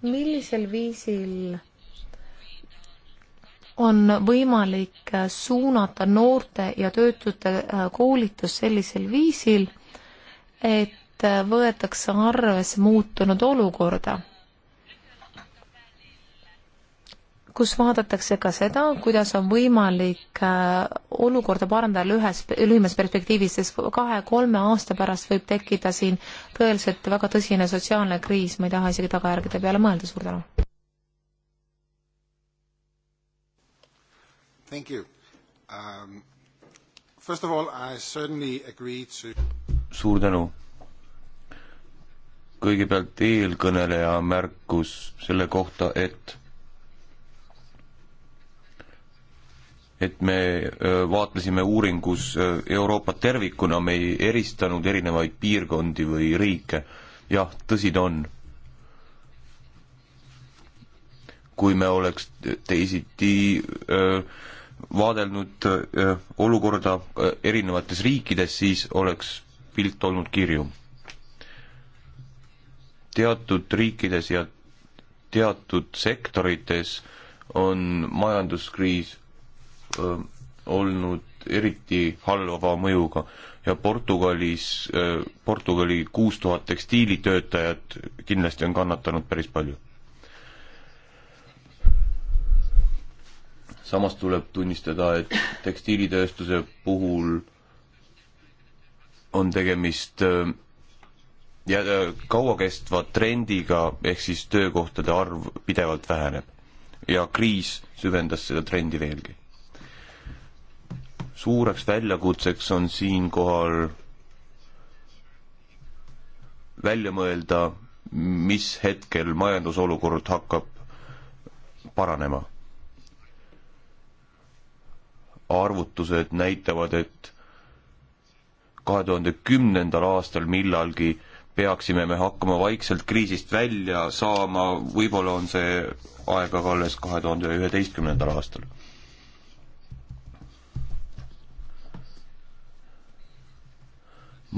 millisel viisil on võimalik äh, suunata noorte ja töötute äh, koolitus sellisel viisil, et võetakse arvesse muutunud olukorda kus vaadatakse ka seda, kuidas on võimalik äh, olukorda parandada lühes, lühimas perspektiivis, sest kahe-kolme aasta pärast võib tekkida siin tõeliselt väga tõsine sotsiaalne kriis, ma ei taha isegi tagajärgede peale mõelda, suur tänu. Thank you um,. First of all, I certainly agree to suur tänu kõigepealt eelkõneleja märkus selle kohta, et et me vaatlesime uuringus Euroopat tervikuna, me ei eristanud erinevaid piirkondi või riike. jah, tõsi ta on. kui me oleks teisiti vaadelnud olukorda erinevates riikides, siis oleks pilt olnud kirjum. teatud riikides ja teatud sektorites on majanduskriis olnud eriti halva mõjuga ja Portugalis, Portugali kuus tuhat tekstiilitöötajat kindlasti on kannatanud päris palju. samas tuleb tunnistada, et tekstiilitööstuse puhul on tegemist ja kauakestva trendiga, ehk siis töökohtade arv pidevalt väheneb. ja kriis süvendas seda trendi veelgi suureks väljakutseks on siinkohal välja mõelda, mis hetkel majandusolukord hakkab paranema. arvutused näitavad, et kahe tuhande kümnendal aastal millalgi peaksime me hakkama vaikselt kriisist välja saama, võib-olla on see aeg aga alles kahe tuhande üheteistkümnendal aastal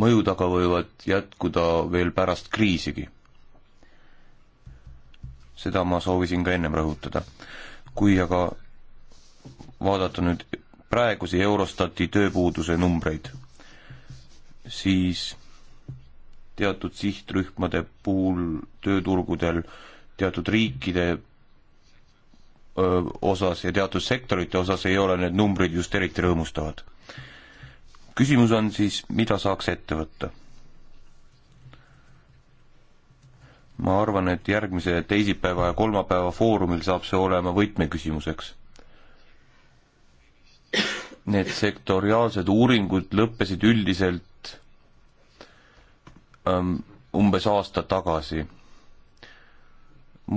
mõjud aga võivad jätkuda veel pärast kriisigi. seda ma soovisin ka ennem rõhutada. kui aga vaadata nüüd praegusi Eurostati tööpuuduse numbreid, siis teatud sihtrühmade puhul tööturgudel teatud riikide öö, osas ja teatud sektorite osas ei ole need numbrid just eriti rõõmustavad küsimus on siis, mida saaks ette võtta? ma arvan, et järgmise teisipäeva ja kolmapäeva foorumil saab see olema võtmeküsimuseks. Need sektoriaalsed uuringud lõppesid üldiselt um, umbes aasta tagasi.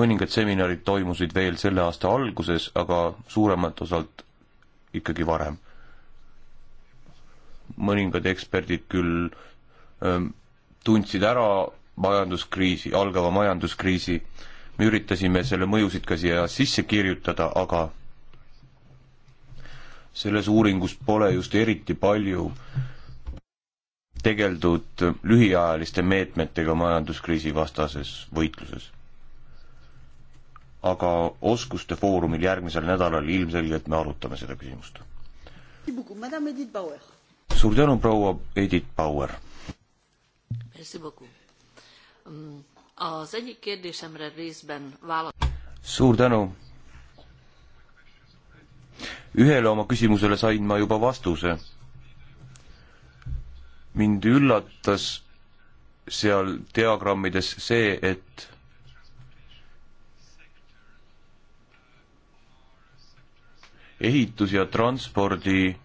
mõningad seminarid toimusid veel selle aasta alguses, aga suuremalt osalt ikkagi varem mõningad eksperdid küll öö, ähm, tundsid ära majanduskriisi, algava majanduskriisi, me üritasime selle mõjusid ka siia sisse kirjutada, aga selles uuringus pole just eriti palju tegeldud lühiajaliste meetmetega majanduskriisi vastases võitluses. aga oskuste foorumil järgmisel nädalal ilmselgelt me arutame seda küsimust. Madame Edith Bauer suur tänu, proua Edith Bauer. suur tänu. ühele oma küsimusele sain ma juba vastuse. mind üllatas seal diagrammides see, et ehitus- ja transpordi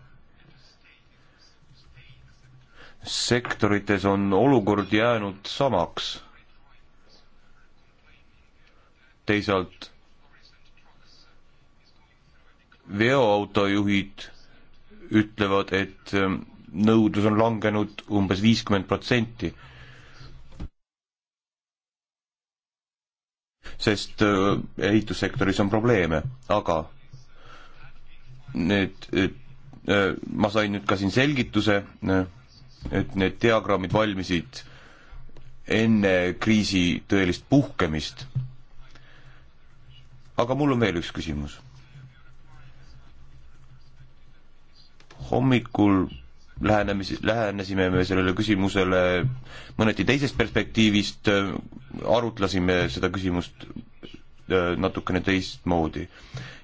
sektorites on olukord jäänud samaks. teisalt veoautojuhid ütlevad, et ähm, nõudlus on langenud umbes viiskümmend protsenti. sest äh, ehitussektoris on probleeme, aga need, äh, äh, ma sain nüüd ka siin selgituse et need diagrammid valmisid enne kriisi tõelist puhkemist. aga mul on veel üks küsimus. hommikul lähenemis, lähenesime me sellele küsimusele mõneti teisest perspektiivist, arutlesime seda küsimust äh, natukene teistmoodi.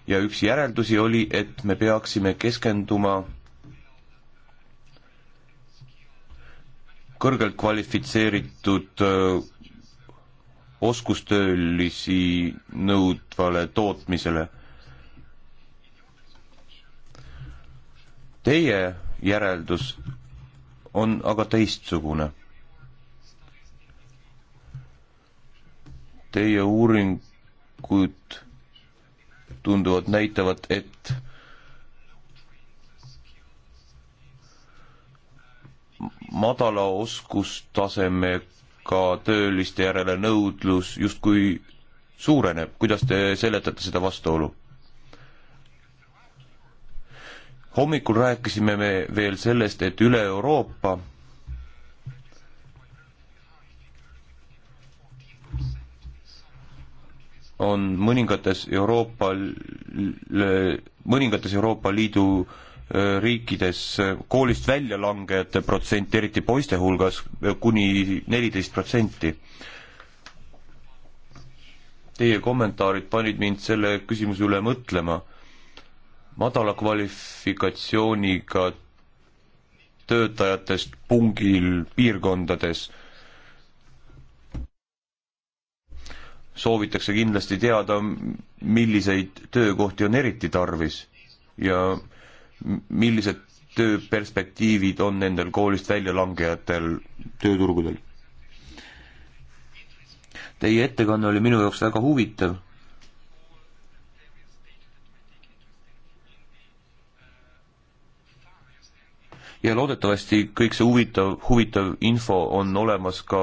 ja üks järeldusi oli, et me peaksime keskenduma kõrgelt kvalifitseeritud äh, oskustöölisi nõudvale tootmisele. Teie järeldus on aga teistsugune. Teie uuringud tunduvad näitavat, et madala oskustasemega tööliste järele nõudlus justkui suureneb, kuidas te seletate seda vastuolu? hommikul rääkisime me veel sellest, et üle Euroopa on mõningates Euroopa, mõningates Euroopa Liidu riikides koolist väljalangejate protsent, eriti poiste hulgas, kuni neliteist protsenti. Teie kommentaarid panid mind selle küsimuse üle mõtlema. madala kvalifikatsiooniga töötajatest pungil piirkondades soovitakse kindlasti teada, milliseid töökohti on eriti tarvis ja millised tööperspektiivid on nendel koolist väljalangejatel tööturgudel? Teie ettekanne oli minu jaoks väga huvitav. ja loodetavasti kõik see huvitav, huvitav info on olemas ka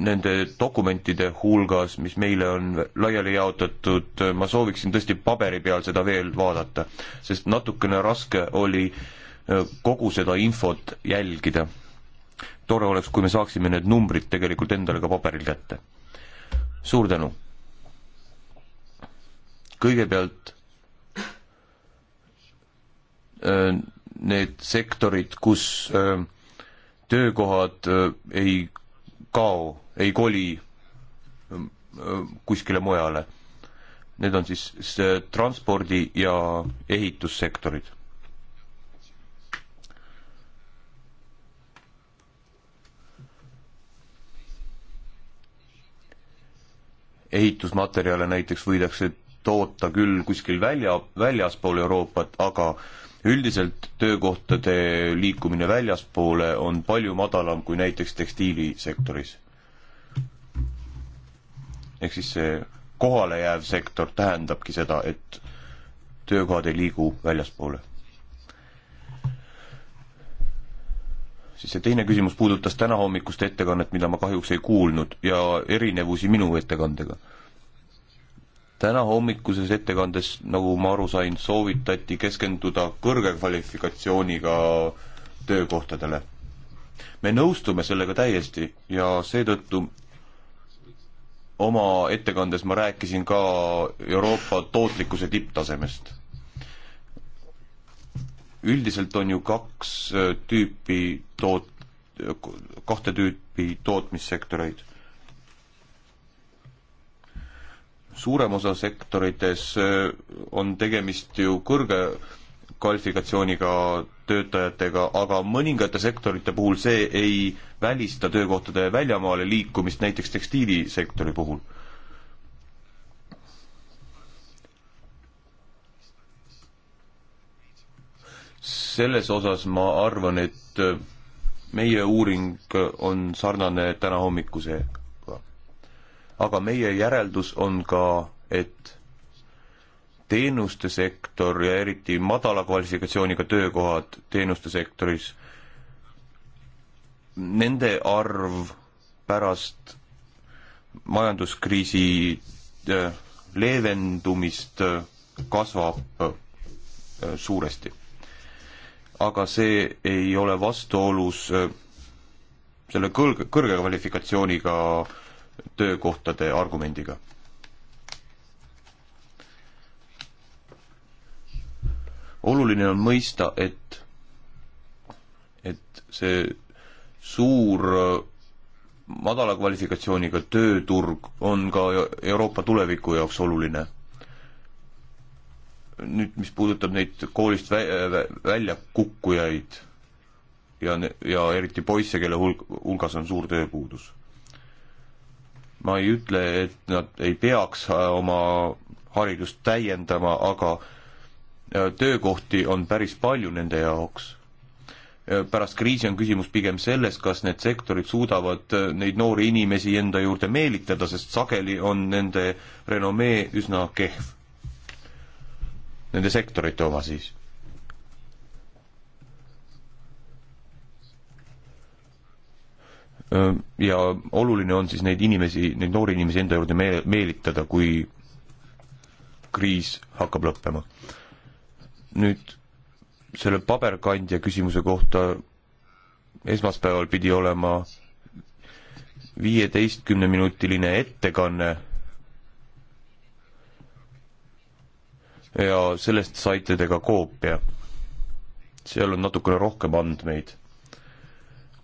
nende dokumentide hulgas, mis meile on laiali jaotatud, ma sooviksin tõesti paberi peal seda veel vaadata, sest natukene raske oli äh, kogu seda infot jälgida. tore oleks, kui me saaksime need numbrid tegelikult endale ka paberil kätte. suur tänu! kõigepealt äh, need sektorid, kus äh, töökohad ei kao, ei koli ähm, ähm, kuskile mujale. Need on siis transpordi ja ehitussektorid. ehitusmaterjale näiteks võidakse toota küll kuskil välja, väljaspool Euroopat, aga üldiselt töökohtade liikumine väljaspoole on palju madalam kui näiteks tekstiilisektoris. ehk siis see kohale jääv sektor tähendabki seda, et töökohad ei liigu väljaspoole. siis see teine küsimus puudutas tänahommikust ettekannet, mida ma kahjuks ei kuulnud ja erinevusi minu ettekandega täna hommikuses ettekandes, nagu ma aru sain, soovitati keskenduda kõrge kvalifikatsiooniga töökohtadele. me nõustume sellega täiesti ja seetõttu oma ettekandes ma rääkisin ka Euroopa tootlikkuse tipptasemest. üldiselt on ju kaks tüüpi toot-, kahte tüüpi tootmissektoreid suurem osa sektorites äh, on tegemist ju kõrge kvalifikatsiooniga töötajatega, aga mõningate sektorite puhul see ei välista töökohtade väljamaale liikumist, näiteks tekstiilisektori puhul. selles osas ma arvan, et meie uuring on sarnane täna hommikusega aga meie järeldus on ka, et teenuste sektor ja eriti madala kvalifikatsiooniga töökohad teenuste sektoris, nende arv pärast majanduskriisi äh, leevendumist äh, kasvab äh, suuresti. aga see ei ole vastuolus selle kõrge, kõrge kvalifikatsiooniga äh, töökohtade argumendiga. oluline on mõista, et, et see suur äh, madala kvalifikatsiooniga tööturg on ka Euroopa tuleviku jaoks oluline. nüüd, mis puudutab neid koolist vä-, välja kukkujaid ja, ja eriti poisse, kelle hulg, hulgas on suur tööpuudus ma ei ütle, et nad ei peaks äh, oma haridust täiendama, aga äh, töökohti on päris palju nende jaoks. Äh, pärast kriisi on küsimus pigem selles, kas need sektorid suudavad neid noori inimesi enda juurde meelitada, sest sageli on nende renomee üsna kehv. Nende sektorite oma siis ja oluline on siis neid inimesi, neid noori inimesi enda juurde mee-, meelitada, kui kriis hakkab lõppema. nüüd selle paberkandja küsimuse kohta esmaspäeval pidi olema viieteistkümneminutiline ettekanne ja sellest saite te ka koopia. seal on natukene rohkem andmeid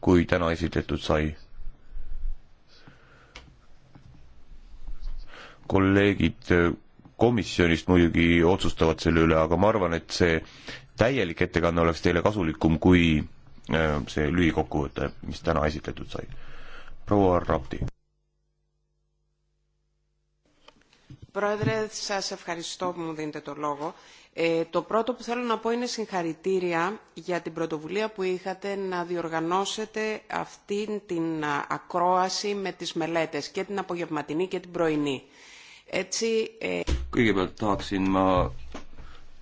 kui täna esitletud sai. kolleegid eh, komisjonist muidugi otsustavad selle üle, aga ma arvan, et see täielik ettekanne oleks teile kasulikum kui eh, see lühikokkuvõte, mis täna esitletud sai. proua Rapti. Πρόεδρε, σας ευχαριστώ που μου δίνετε το λόγο. Ε, το πρώτο που θέλω να πω είναι συγχαρητήρια για την πρωτοβουλία που είχατε να διοργανώσετε αυτή την ακρόαση με τις μελέτες και την απογευματινή και την πρωινή. Έτσι... Ε... Kõigepealt tahaksin ma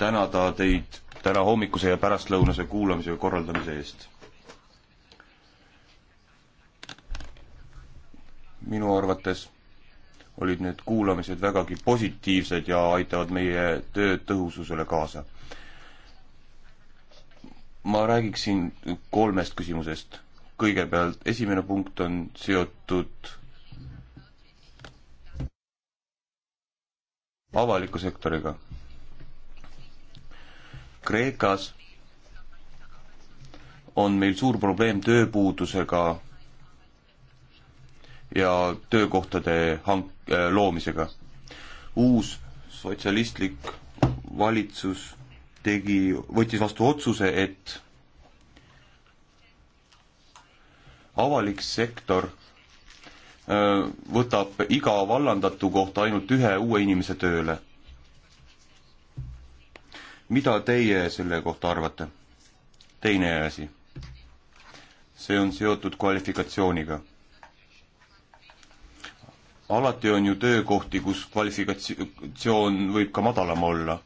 tänada teid täna hommikuse ja pärastlõunase kuulamise korraldamise eest. minu arvates olid need kuulamised vägagi positiivsed ja aitavad meie töö tõhususele kaasa. ma räägiksin kolmest küsimusest. kõigepealt esimene punkt on seotud avaliku sektoriga. Kreekas on meil suur probleem tööpuudusega ja töökohtade hank-, äh, loomisega. uus sotsialistlik valitsus tegi, võttis vastu otsuse, et avalik sektor äh, võtab iga vallandatu kohta ainult ühe uue inimese tööle. mida teie selle kohta arvate? teine asi. see on seotud kvalifikatsiooniga alati on ju töökohti, kus kvalifikatsioon võib ka madalam olla.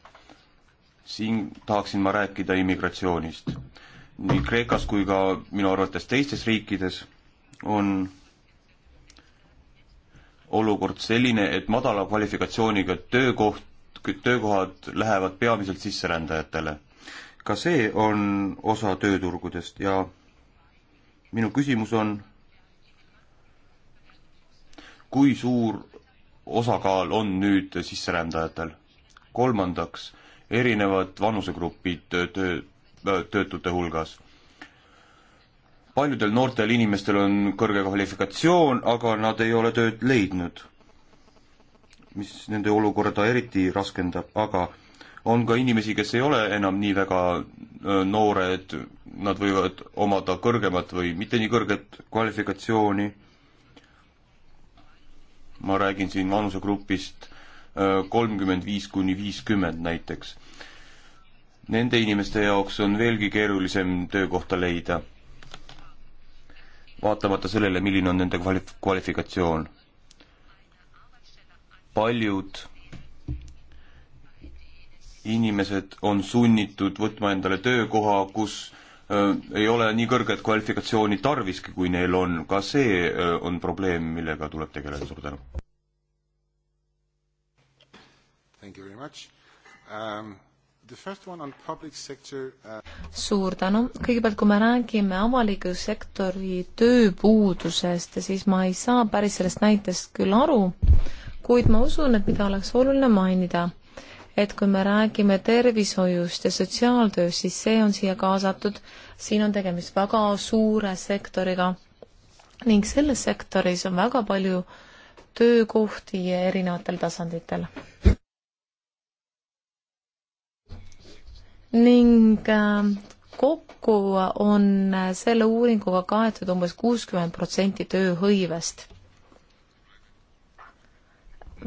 siin tahaksin ma rääkida immigratsioonist. nii Kreekas kui ka minu arvates teistes riikides on olukord selline, et madala kvalifikatsiooniga töökoht, töökohad lähevad peamiselt sisserändajatele. ka see on osa tööturgudest ja minu küsimus on, kui suur osakaal on nüüd sisserändajatel? kolmandaks, erinevad vanusegrupid töö, töötute hulgas. paljudel noortel inimestel on kõrge kvalifikatsioon, aga nad ei ole tööd leidnud, mis nende olukorda eriti raskendab, aga on ka inimesi, kes ei ole enam nii väga noored, nad võivad omada kõrgemat või mitte nii kõrget kvalifikatsiooni ma räägin siin vanusegrupist äh, kolmkümmend viis kuni viiskümmend näiteks. Nende inimeste jaoks on veelgi keerulisem töökohta leida, vaatamata sellele, milline on nende kvalif-, kvalifikatsioon. paljud inimesed on sunnitud võtma endale töökoha, kus Äh, ei ole nii kõrget kvalifikatsiooni tarviski, kui neil on, ka see äh, on probleem, millega tuleb tegeleda, suur tänu. Thank you very much um,. Sector, uh... suur tänu, kõigepealt kui me räägime avaliku sektori tööpuudusest, siis ma ei saa päris sellest näitest küll aru, kuid ma usun, et mida oleks oluline mainida et kui me räägime tervishoiust ja sotsiaaltööst, siis see on siia kaasatud, siin on tegemist väga suure sektoriga ning selles sektoris on väga palju töökohti erinevatel tasanditel. ning äh, kokku on selle uuringuga kaetud umbes kuuskümmend protsenti tööhõivest.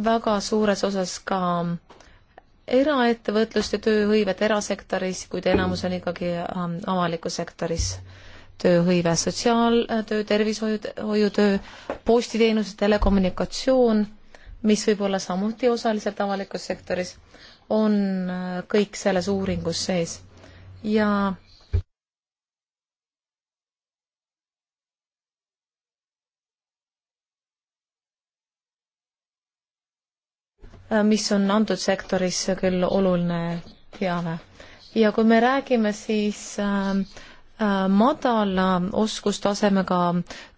väga suures osas ka äh, eraettevõtlust ja tööhõivet erasektoris, kuid enamus on ikkagi ähm, avalikus sektoris tööhõive, sotsiaaltöö, tervishoiutöö, postiteenused, telekommunikatsioon, mis võib olla samuti osaliselt avalikus sektoris, on äh, kõik selles uuringus sees. ja Äh, mis on antud sektoris küll oluline teave. ja kui me räägime siis äh, äh, madala oskustasemega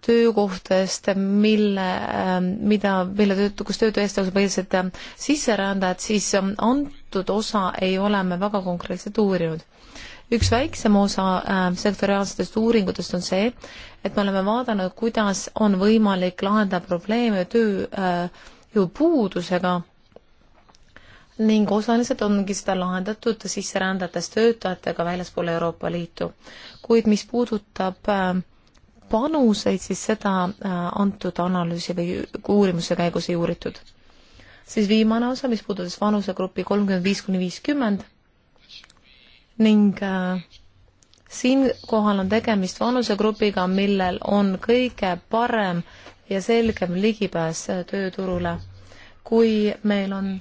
töökohtadest, mille äh,, mida, mille töötu, kus töötu eest tõuseb põhiliselt äh, sisserändajad, siis äh, antud osa ei ole me väga konkreetselt uurinud üks väiksem osa äh, sektoriaalsetest uuringutest on see, et me oleme vaadanud, kuidas on võimalik lahendada probleeme tööjõupuudusega äh, ning osaliselt ongi seda lahendatud sisserändajatest töötajatega väljaspool Euroopa Liitu. kuid mis puudutab äh, panuseid, siis seda äh, antud analüüsi või uurimuse käigus ei uuritud. siis viimane osa, mis puudutas vanusegrupi kolmkümmend viis kuni viiskümmend ning äh, siinkohal on tegemist vanusegrupiga, millel on kõige parem ja selgem ligipääs tööturule. kui meil on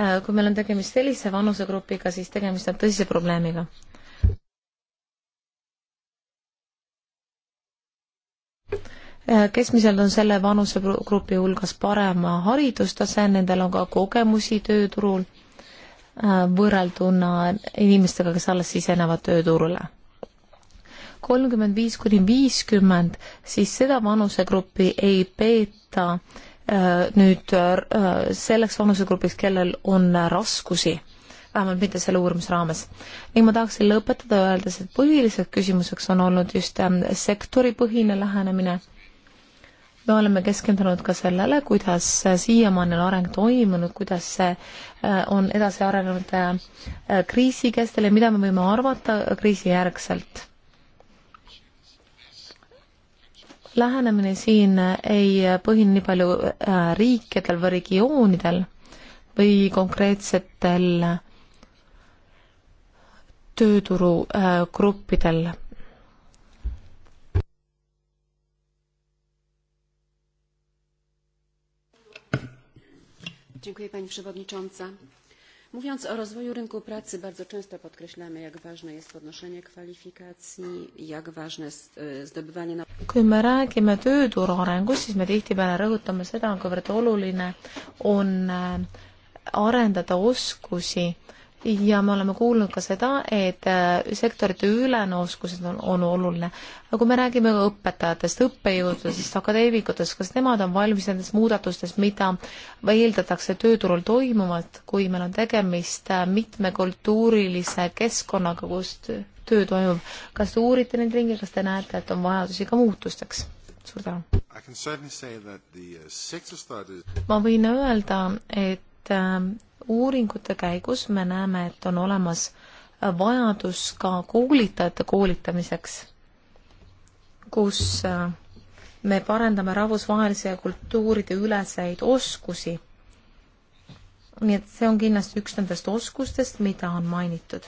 Äh, kui meil on tegemist sellise vanusegrupiga, siis tegemist on tõsise probleemiga. Äh, keskmiselt on selle vanusegrupi hulgas parema haridustase, nendel on ka kogemusi tööturul äh, võrrelduna inimestega, kes alles sisenevad tööturule. kolmkümmend viis kuni viiskümmend, siis seda vanusegruppi ei peeta äh, Äh, nüüd äh, selleks vanusegrupiks, kellel on raskusi, vähemalt mitte selle uurimise raames. ning ma tahaksin lõpetada, öeldes, et põhiliseks küsimuseks on olnud just ähm, sektoripõhine lähenemine. me oleme keskendunud ka sellele, kuidas siiamaani on areng toimunud, kuidas see äh, on edasi arenenud kriisi kestel ja mida me võime arvata kriisijärgselt lähenemine siin ei põhine nii palju äh, riikidel või regioonidel või konkreetsetel tööturugruppidel äh,. äh Dziękuję Pani Przewodnicząca. Mówiąc o rozwoju rynku pracy, bardzo często podkreślamy, jak ważne jest podnoszenie kwalifikacji, jak ważne e, zdobywanie... Kui me räägime tööturu arengust, siis me tihtipeale rõhutame seda, kuivõrd oluline on e, arendada oskusi äh, ja me oleme kuulnud ka seda, et äh, sektorite ülene oskused on, on oluline. aga kui me räägime õpetajatest, õppejõududest, akadeemikutest, kas nemad on valmis nendest muudatustest, mida eeldatakse tööturul toimuvalt, kui meil on tegemist äh, mitmekultuurilise keskkonnaga, kus töö toimub, kas te uurite neid ringi, kas te näete, et on vajadusi ka muutusteks? suur tänu! Uh, ma võin öelda, et äh, uuringute käigus me näeme, et on olemas vajadus ka koolitajate koolitamiseks, kus äh, me parendame rahvusvahelise kultuuride üleseid oskusi. nii et see on kindlasti üks nendest oskustest, mida on mainitud.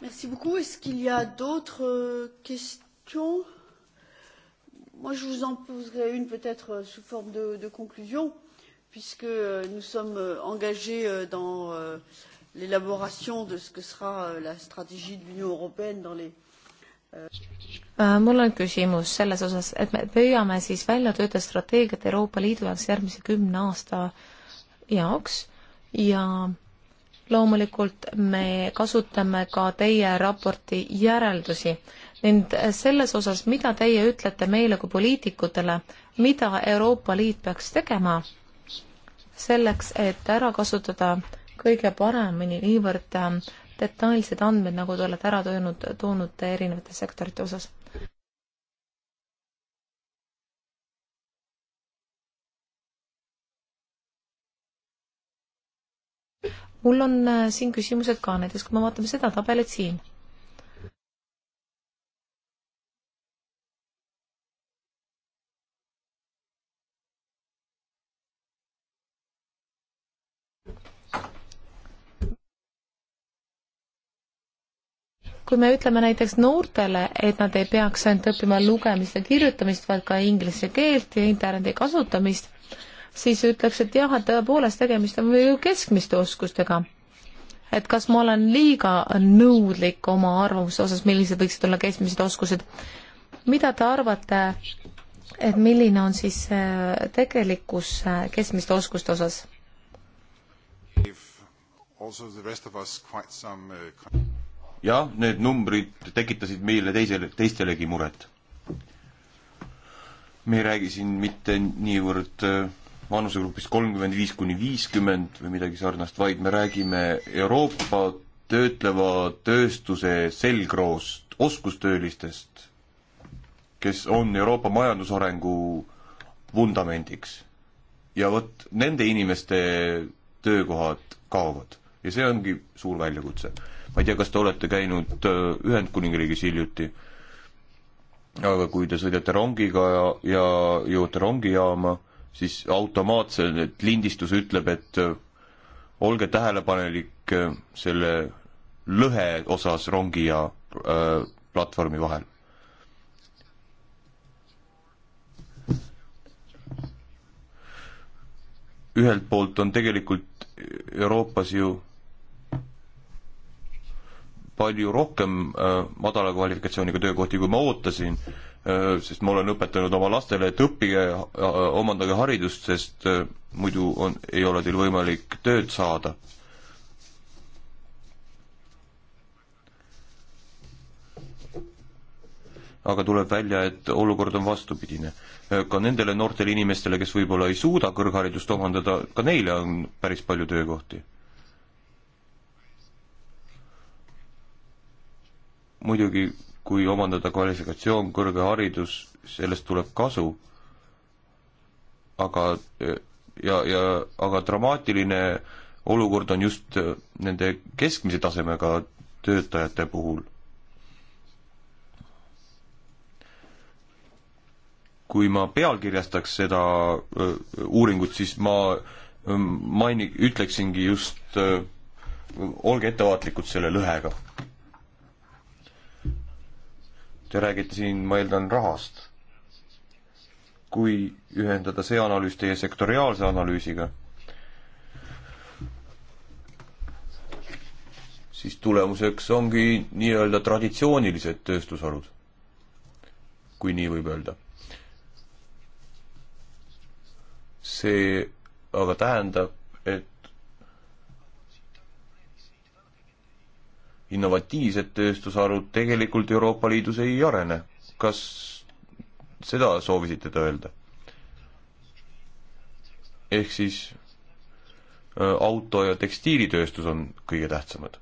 Merci beaucoup. Est-ce qu'il y a d'autres euh, questions? Moi, je vous en poserai une peut-être euh, sous forme de, de conclusion, puisque euh, nous sommes euh, engagés dans l'élaboration de ce que sera la stratégie de l'Union européenne dans les äh, mul on küsimus selles osas, et me püüame siis välja töötada strateegiat Euroopa Liidu jaoks järgmise kümne aasta jaoks ja loomulikult me kasutame ka teie raporti järeldusi ning selles osas, mida teie ütlete meile kui poliitikutele, mida Euroopa Liit peaks tegema selleks, et ära kasutada kõige paremini niivõrd ähm, detailsed andmed, nagu te olete ära toonud, toonud erinevate sektorite osas? mul on äh, siin küsimused ka, näiteks kui me vaatame seda tabelit siin kui me ütleme näiteks noortele, et nad ei peaks ainult õppima lugemist ja kirjutamist, vaid ka inglise keelt ja interneti kasutamist, siis ütleks, et jah, et tõepoolest tegemist on ju keskmiste oskustega. et kas ma olen liiga nõudlik oma arvamuse osas, millised võiksid olla keskmised oskused. mida te arvate, et milline on siis äh, tegelikkus äh, keskmiste oskuste osas? also the rest of us quite some uh, jah, need numbrid tekitasid meile teisele, teistelegi muret. me ei räägi siin mitte niivõrd äh, vanusegrupist kolmkümmend viis kuni viiskümmend või midagi sarnast, vaid me räägime Euroopa töötleva tööstuse selgroost, oskustöölistest, kes on Euroopa majandusarengu vundamendiks. ja vot nende inimeste töökohad kaovad ja see ongi suur väljakutse. ma ei tea, kas te olete käinud äh, Ühendkuningriigis hiljuti, aga kui te sõidate rongiga ja, ja jõuate rongijaama, siis automaatselt lindistus ütleb, et äh, olge tähelepanelik äh, selle lõhe osas rongi ja äh, platvormi vahel ühelt poolt on tegelikult Euroopas ju palju rohkem äh, madala kvalifikatsiooniga töökohti, kui ma ootasin, äh, sest ma olen õpetanud oma lastele, et õppige, äh, omandage haridust, sest muidu on, ei ole teil võimalik tööd saada. aga tuleb välja, et olukord on vastupidine. ka nendele noortele inimestele, kes võib-olla ei suuda kõrgharidust omandada, ka neile on päris palju töökohti muidugi, kui omandada kvalifikatsioon, kõrge haridus, sellest tuleb kasu, aga ja, ja aga dramaatiline olukord on just nende keskmise tasemega töötajate puhul. kui ma pealkirjastaks seda äh, uuringut, siis ma ähm, maini-, ütleksingi just, äh, olge ettevaatlikud selle lõhega Te räägite siin, ma eeldan, rahast. kui ühendada see analüüs teie sektoriaalse analüüsiga, siis tulemuseks ongi nii-öelda traditsioonilised tööstusharud, kui nii võib öelda. see aga tähendab, et innovatiivsed tööstusharud tegelikult Euroopa Liidus ei arene. kas seda soovisite te öelda? ehk siis äh, auto- ja tekstiilitööstus on kõige tähtsamad.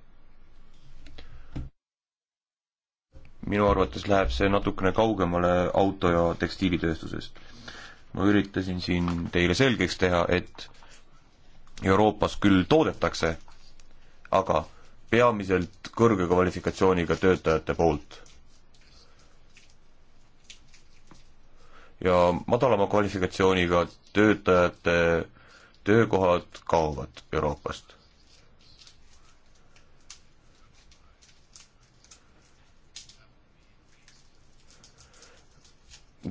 minu arvates läheb see natukene kaugemale auto- ja tekstiilitööstusest. ma üritasin siin teile selgeks teha, et Euroopas küll toodetakse, aga peamiselt kõrge kvalifikatsiooniga töötajate poolt. ja madalama kvalifikatsiooniga töötajate töökohad kaovad Euroopast.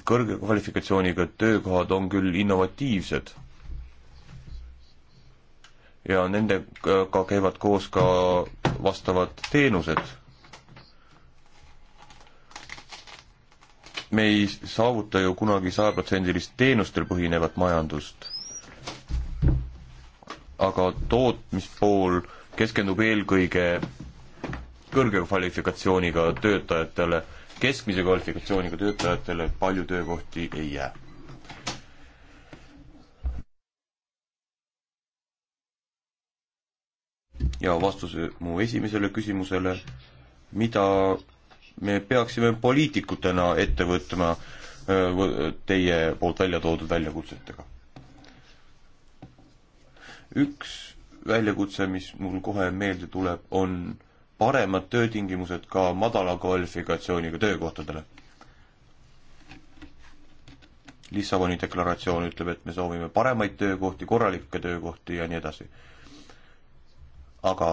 kõrge kvalifikatsiooniga töökohad on küll innovatiivsed ja nendega käivad koos ka vastavad teenused. me ei saavuta ju kunagi sajaprotsendilist teenustel põhinevat majandust. aga tootmispool keskendub eelkõige kõrge kvalifikatsiooniga töötajatele, keskmise kvalifikatsiooniga töötajatele palju töökohti ei jää ja vastuse mu esimesele küsimusele, mida me peaksime poliitikutena ette võtma teie poolt välja toodud väljakutsetega? üks väljakutse, mis mul kohe meelde tuleb, on paremad töötingimused ka madala kvalifikatsiooniga töökohtadele. Lissaboni deklaratsioon ütleb, et me soovime paremaid töökohti, korralikke töökohti ja nii edasi aga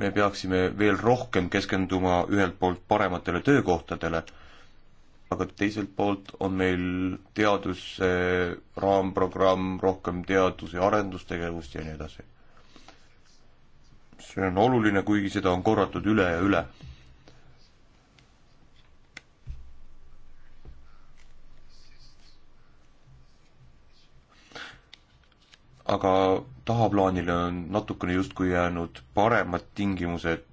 me peaksime veel rohkem keskenduma ühelt poolt parematele töökohtadele, aga teiselt poolt on meil teaduse raamprogramm, rohkem teadus- ja arendustegevust ja nii edasi. see on oluline, kuigi seda on korratud üle ja üle aga tahaplaanile on natukene justkui jäänud paremad tingimused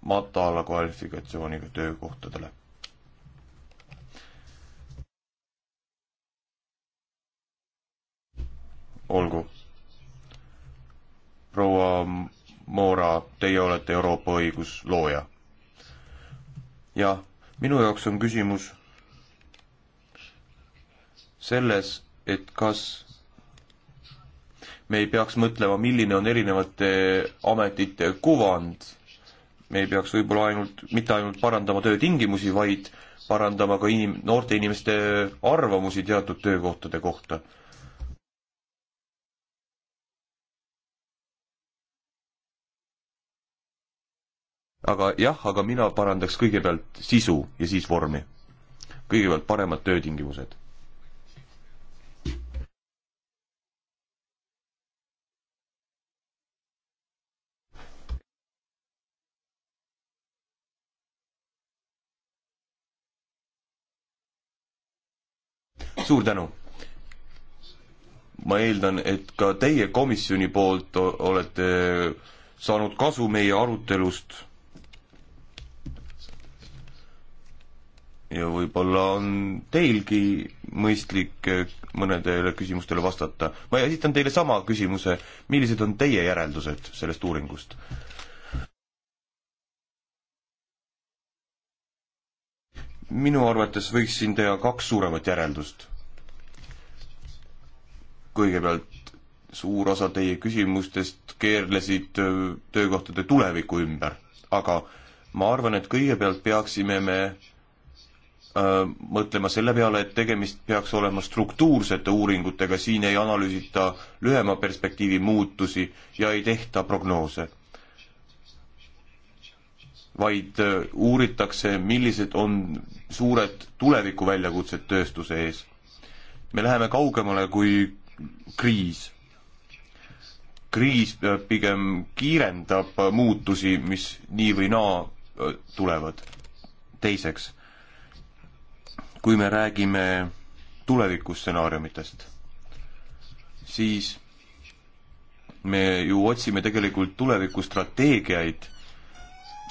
madala kvalifikatsiooniga töökohtadele. olgu. proua Moora, teie olete Euroopa õiguslooja. jah, minu jaoks on küsimus selles, et kas me ei peaks mõtlema, milline on erinevate ametite kuvand. me ei peaks võib-olla ainult, mitte ainult parandama töötingimusi, vaid parandama ka inim-, noorte inimeste arvamusi teatud töökohtade kohta. aga jah, aga mina parandaks kõigepealt sisu ja siis vormi. kõigepealt paremad töötingimused suur tänu! ma eeldan, et ka teie komisjoni poolt olete saanud kasu meie arutelust ja võib-olla on teilgi mõistlik eh, mõnedele küsimustele vastata. ma esitan teile sama küsimuse, millised on teie järeldused sellest uuringust? minu arvates võiks siin teha kaks suuremat järeldust kõigepealt suur osa teie küsimustest keerlesid töökohtade tuleviku ümber, aga ma arvan, et kõigepealt peaksime me öö, mõtlema selle peale, et tegemist peaks olema struktuursete uuringutega, siin ei analüüsita lühema perspektiivi muutusi ja ei tehta prognoose. vaid öö, uuritakse, millised on suured tuleviku väljakutsed tööstuse ees. me läheme kaugemale kui kriis. kriis pigem kiirendab muutusi, mis nii või naa tulevad. teiseks, kui me räägime tulevikustsenaariumitest, siis me ju otsime tegelikult tulevikustrateegiaid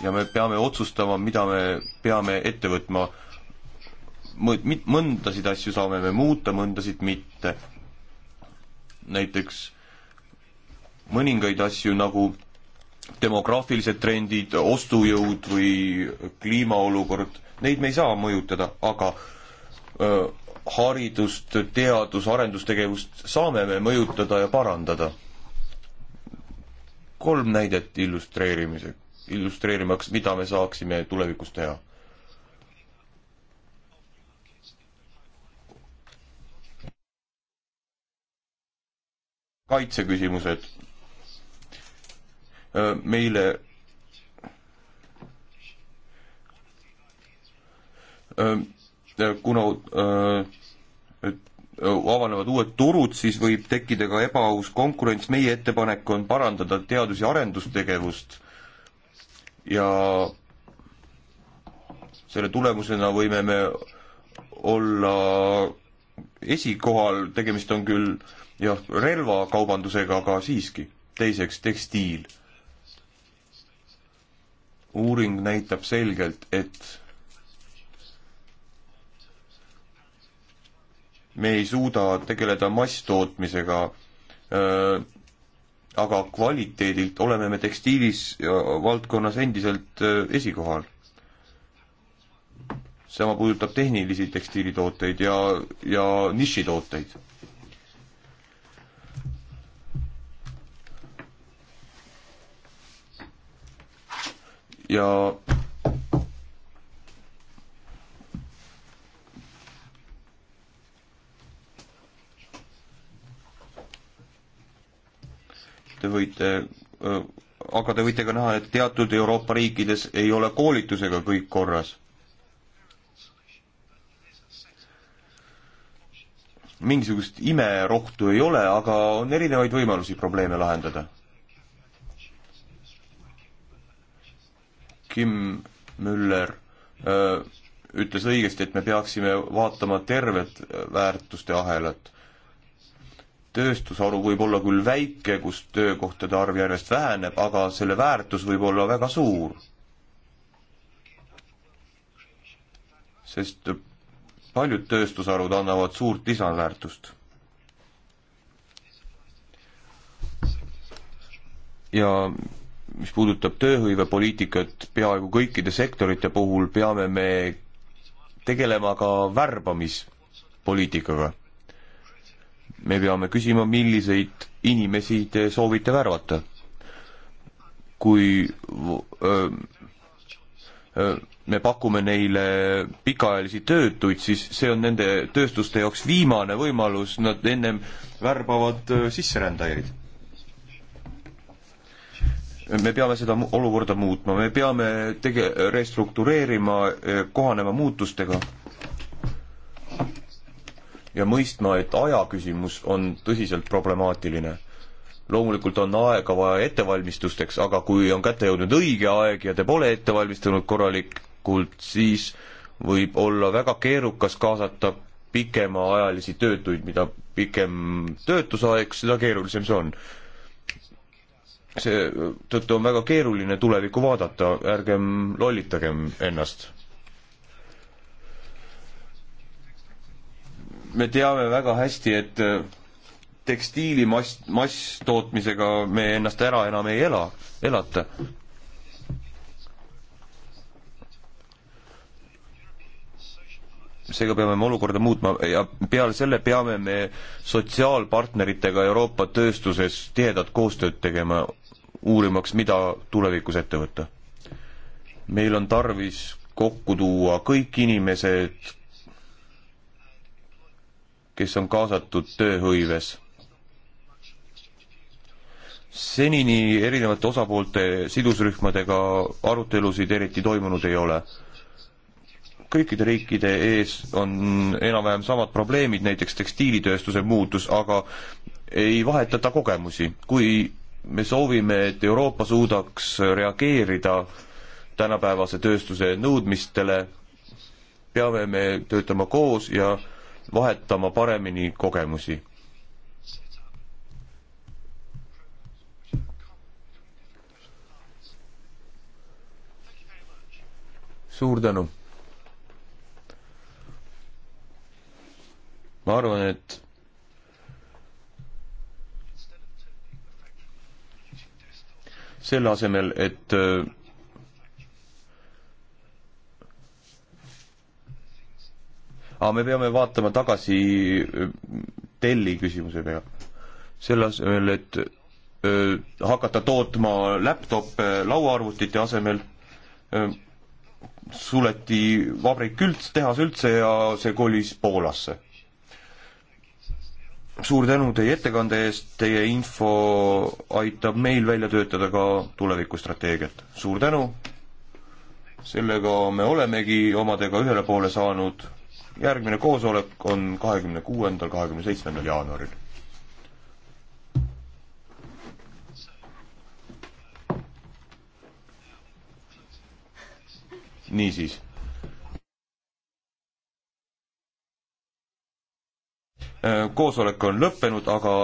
ja me peame otsustama, mida me peame ette võtma. mõndasid asju saame me muuta, mõndasid mitte näiteks mõningaid asju nagu demograafilised trendid, ostujõud või kliimaolukord, neid me ei saa mõjutada, aga öö, haridust, teadus, arendustegevust saame me mõjutada ja parandada. kolm näidet illustreerimise, illustreerimaks, mida me saaksime tulevikus teha kaitseküsimused. meile kuna avanevad uued turud, siis võib tekkida ka ebaaus konkurents, meie ettepanek on parandada teadus- ja arendustegevust ja selle tulemusena võime me olla esikohal, tegemist on küll jah, relvakaubandusega, aga siiski. teiseks, tekstiil. uuring näitab selgelt, et me ei suuda tegeleda masstootmisega, äh, aga kvaliteedilt oleme me tekstiilis äh, valdkonnas endiselt äh, esikohal. sama puudutab tehnilisi tekstiilitooteid ja, ja nišitooteid ja te võite, aga te võite ka näha, et teatud Euroopa riikides ei ole koolitusega kõik korras. mingisugust imerohtu ei ole, aga on erinevaid võimalusi probleeme lahendada Kim Müller öö, ütles õigesti, et me peaksime vaatama tervet väärtuste ahelat. tööstusharu võib olla küll väike, kus töökohtade arv järjest väheneb, aga selle väärtus võib olla väga suur. sest paljud tööstusharud annavad suurt lisaväärtust. ja mis puudutab tööhõivepoliitikat peaaegu kõikide sektorite puhul, peame me tegelema ka värbamispoliitikaga. me peame küsima, milliseid inimesi te soovite värvata. kui öö, öö, me pakume neile pikaajalisi töötuid, siis see on nende tööstuste jaoks viimane võimalus, nad ennem värbavad sisserändajaid me peame seda olukorda muutma, me peame tege-, restruktureerima, eh, kohanema muutustega ja mõistma, et aja küsimus on tõsiselt problemaatiline. loomulikult on aega vaja ettevalmistusteks, aga kui on kätte jõudnud õige aeg ja te pole ette valmistunud korralikult, siis võib olla väga keerukas kaasata pikemaajalisi töötuid, mida pikem töötusaeg, seda keerulisem see on seetõttu on väga keeruline tulevikku vaadata, ärgem lollitagem ennast. me teame väga hästi, et äh, tekstiili mass, masstootmisega me ennast ära enam ei ela, elata seega peame me olukorda muutma ja peale selle peame me sotsiaalpartneritega Euroopa tööstuses tihedat koostööd tegema, uurimaks, mida tulevikus ette võtta. meil on tarvis kokku tuua kõik inimesed, kes on kaasatud tööhõives. senini erinevate osapoolte sidusrühmadega arutelusid eriti toimunud ei ole kõikide riikide ees on enam-vähem samad probleemid, näiteks tekstiilitööstuse muutus, aga ei vahetata kogemusi. kui me soovime, et Euroopa suudaks reageerida tänapäevase tööstuse nõudmistele, peame me töötama koos ja vahetama paremini kogemusi. suur tänu ma arvan, et selle asemel, et äh, aga me peame vaatama tagasi äh, telli küsimuse peale. selle asemel, et öö, äh, hakata tootma laptop'e lauaarvutite asemel, suleti vabrik üldse, tehas üldse ja see kolis Poolasse suur tänu teie ettekande eest, teie info aitab meil välja töötada ka tulevikustrateegiat. suur tänu, sellega me olemegi omadega ühele poole saanud, järgmine koosolek on kahekümne kuuendal, kahekümne seitsmendal jaanuaril. niisiis Äh, koosolek on lõppenud, aga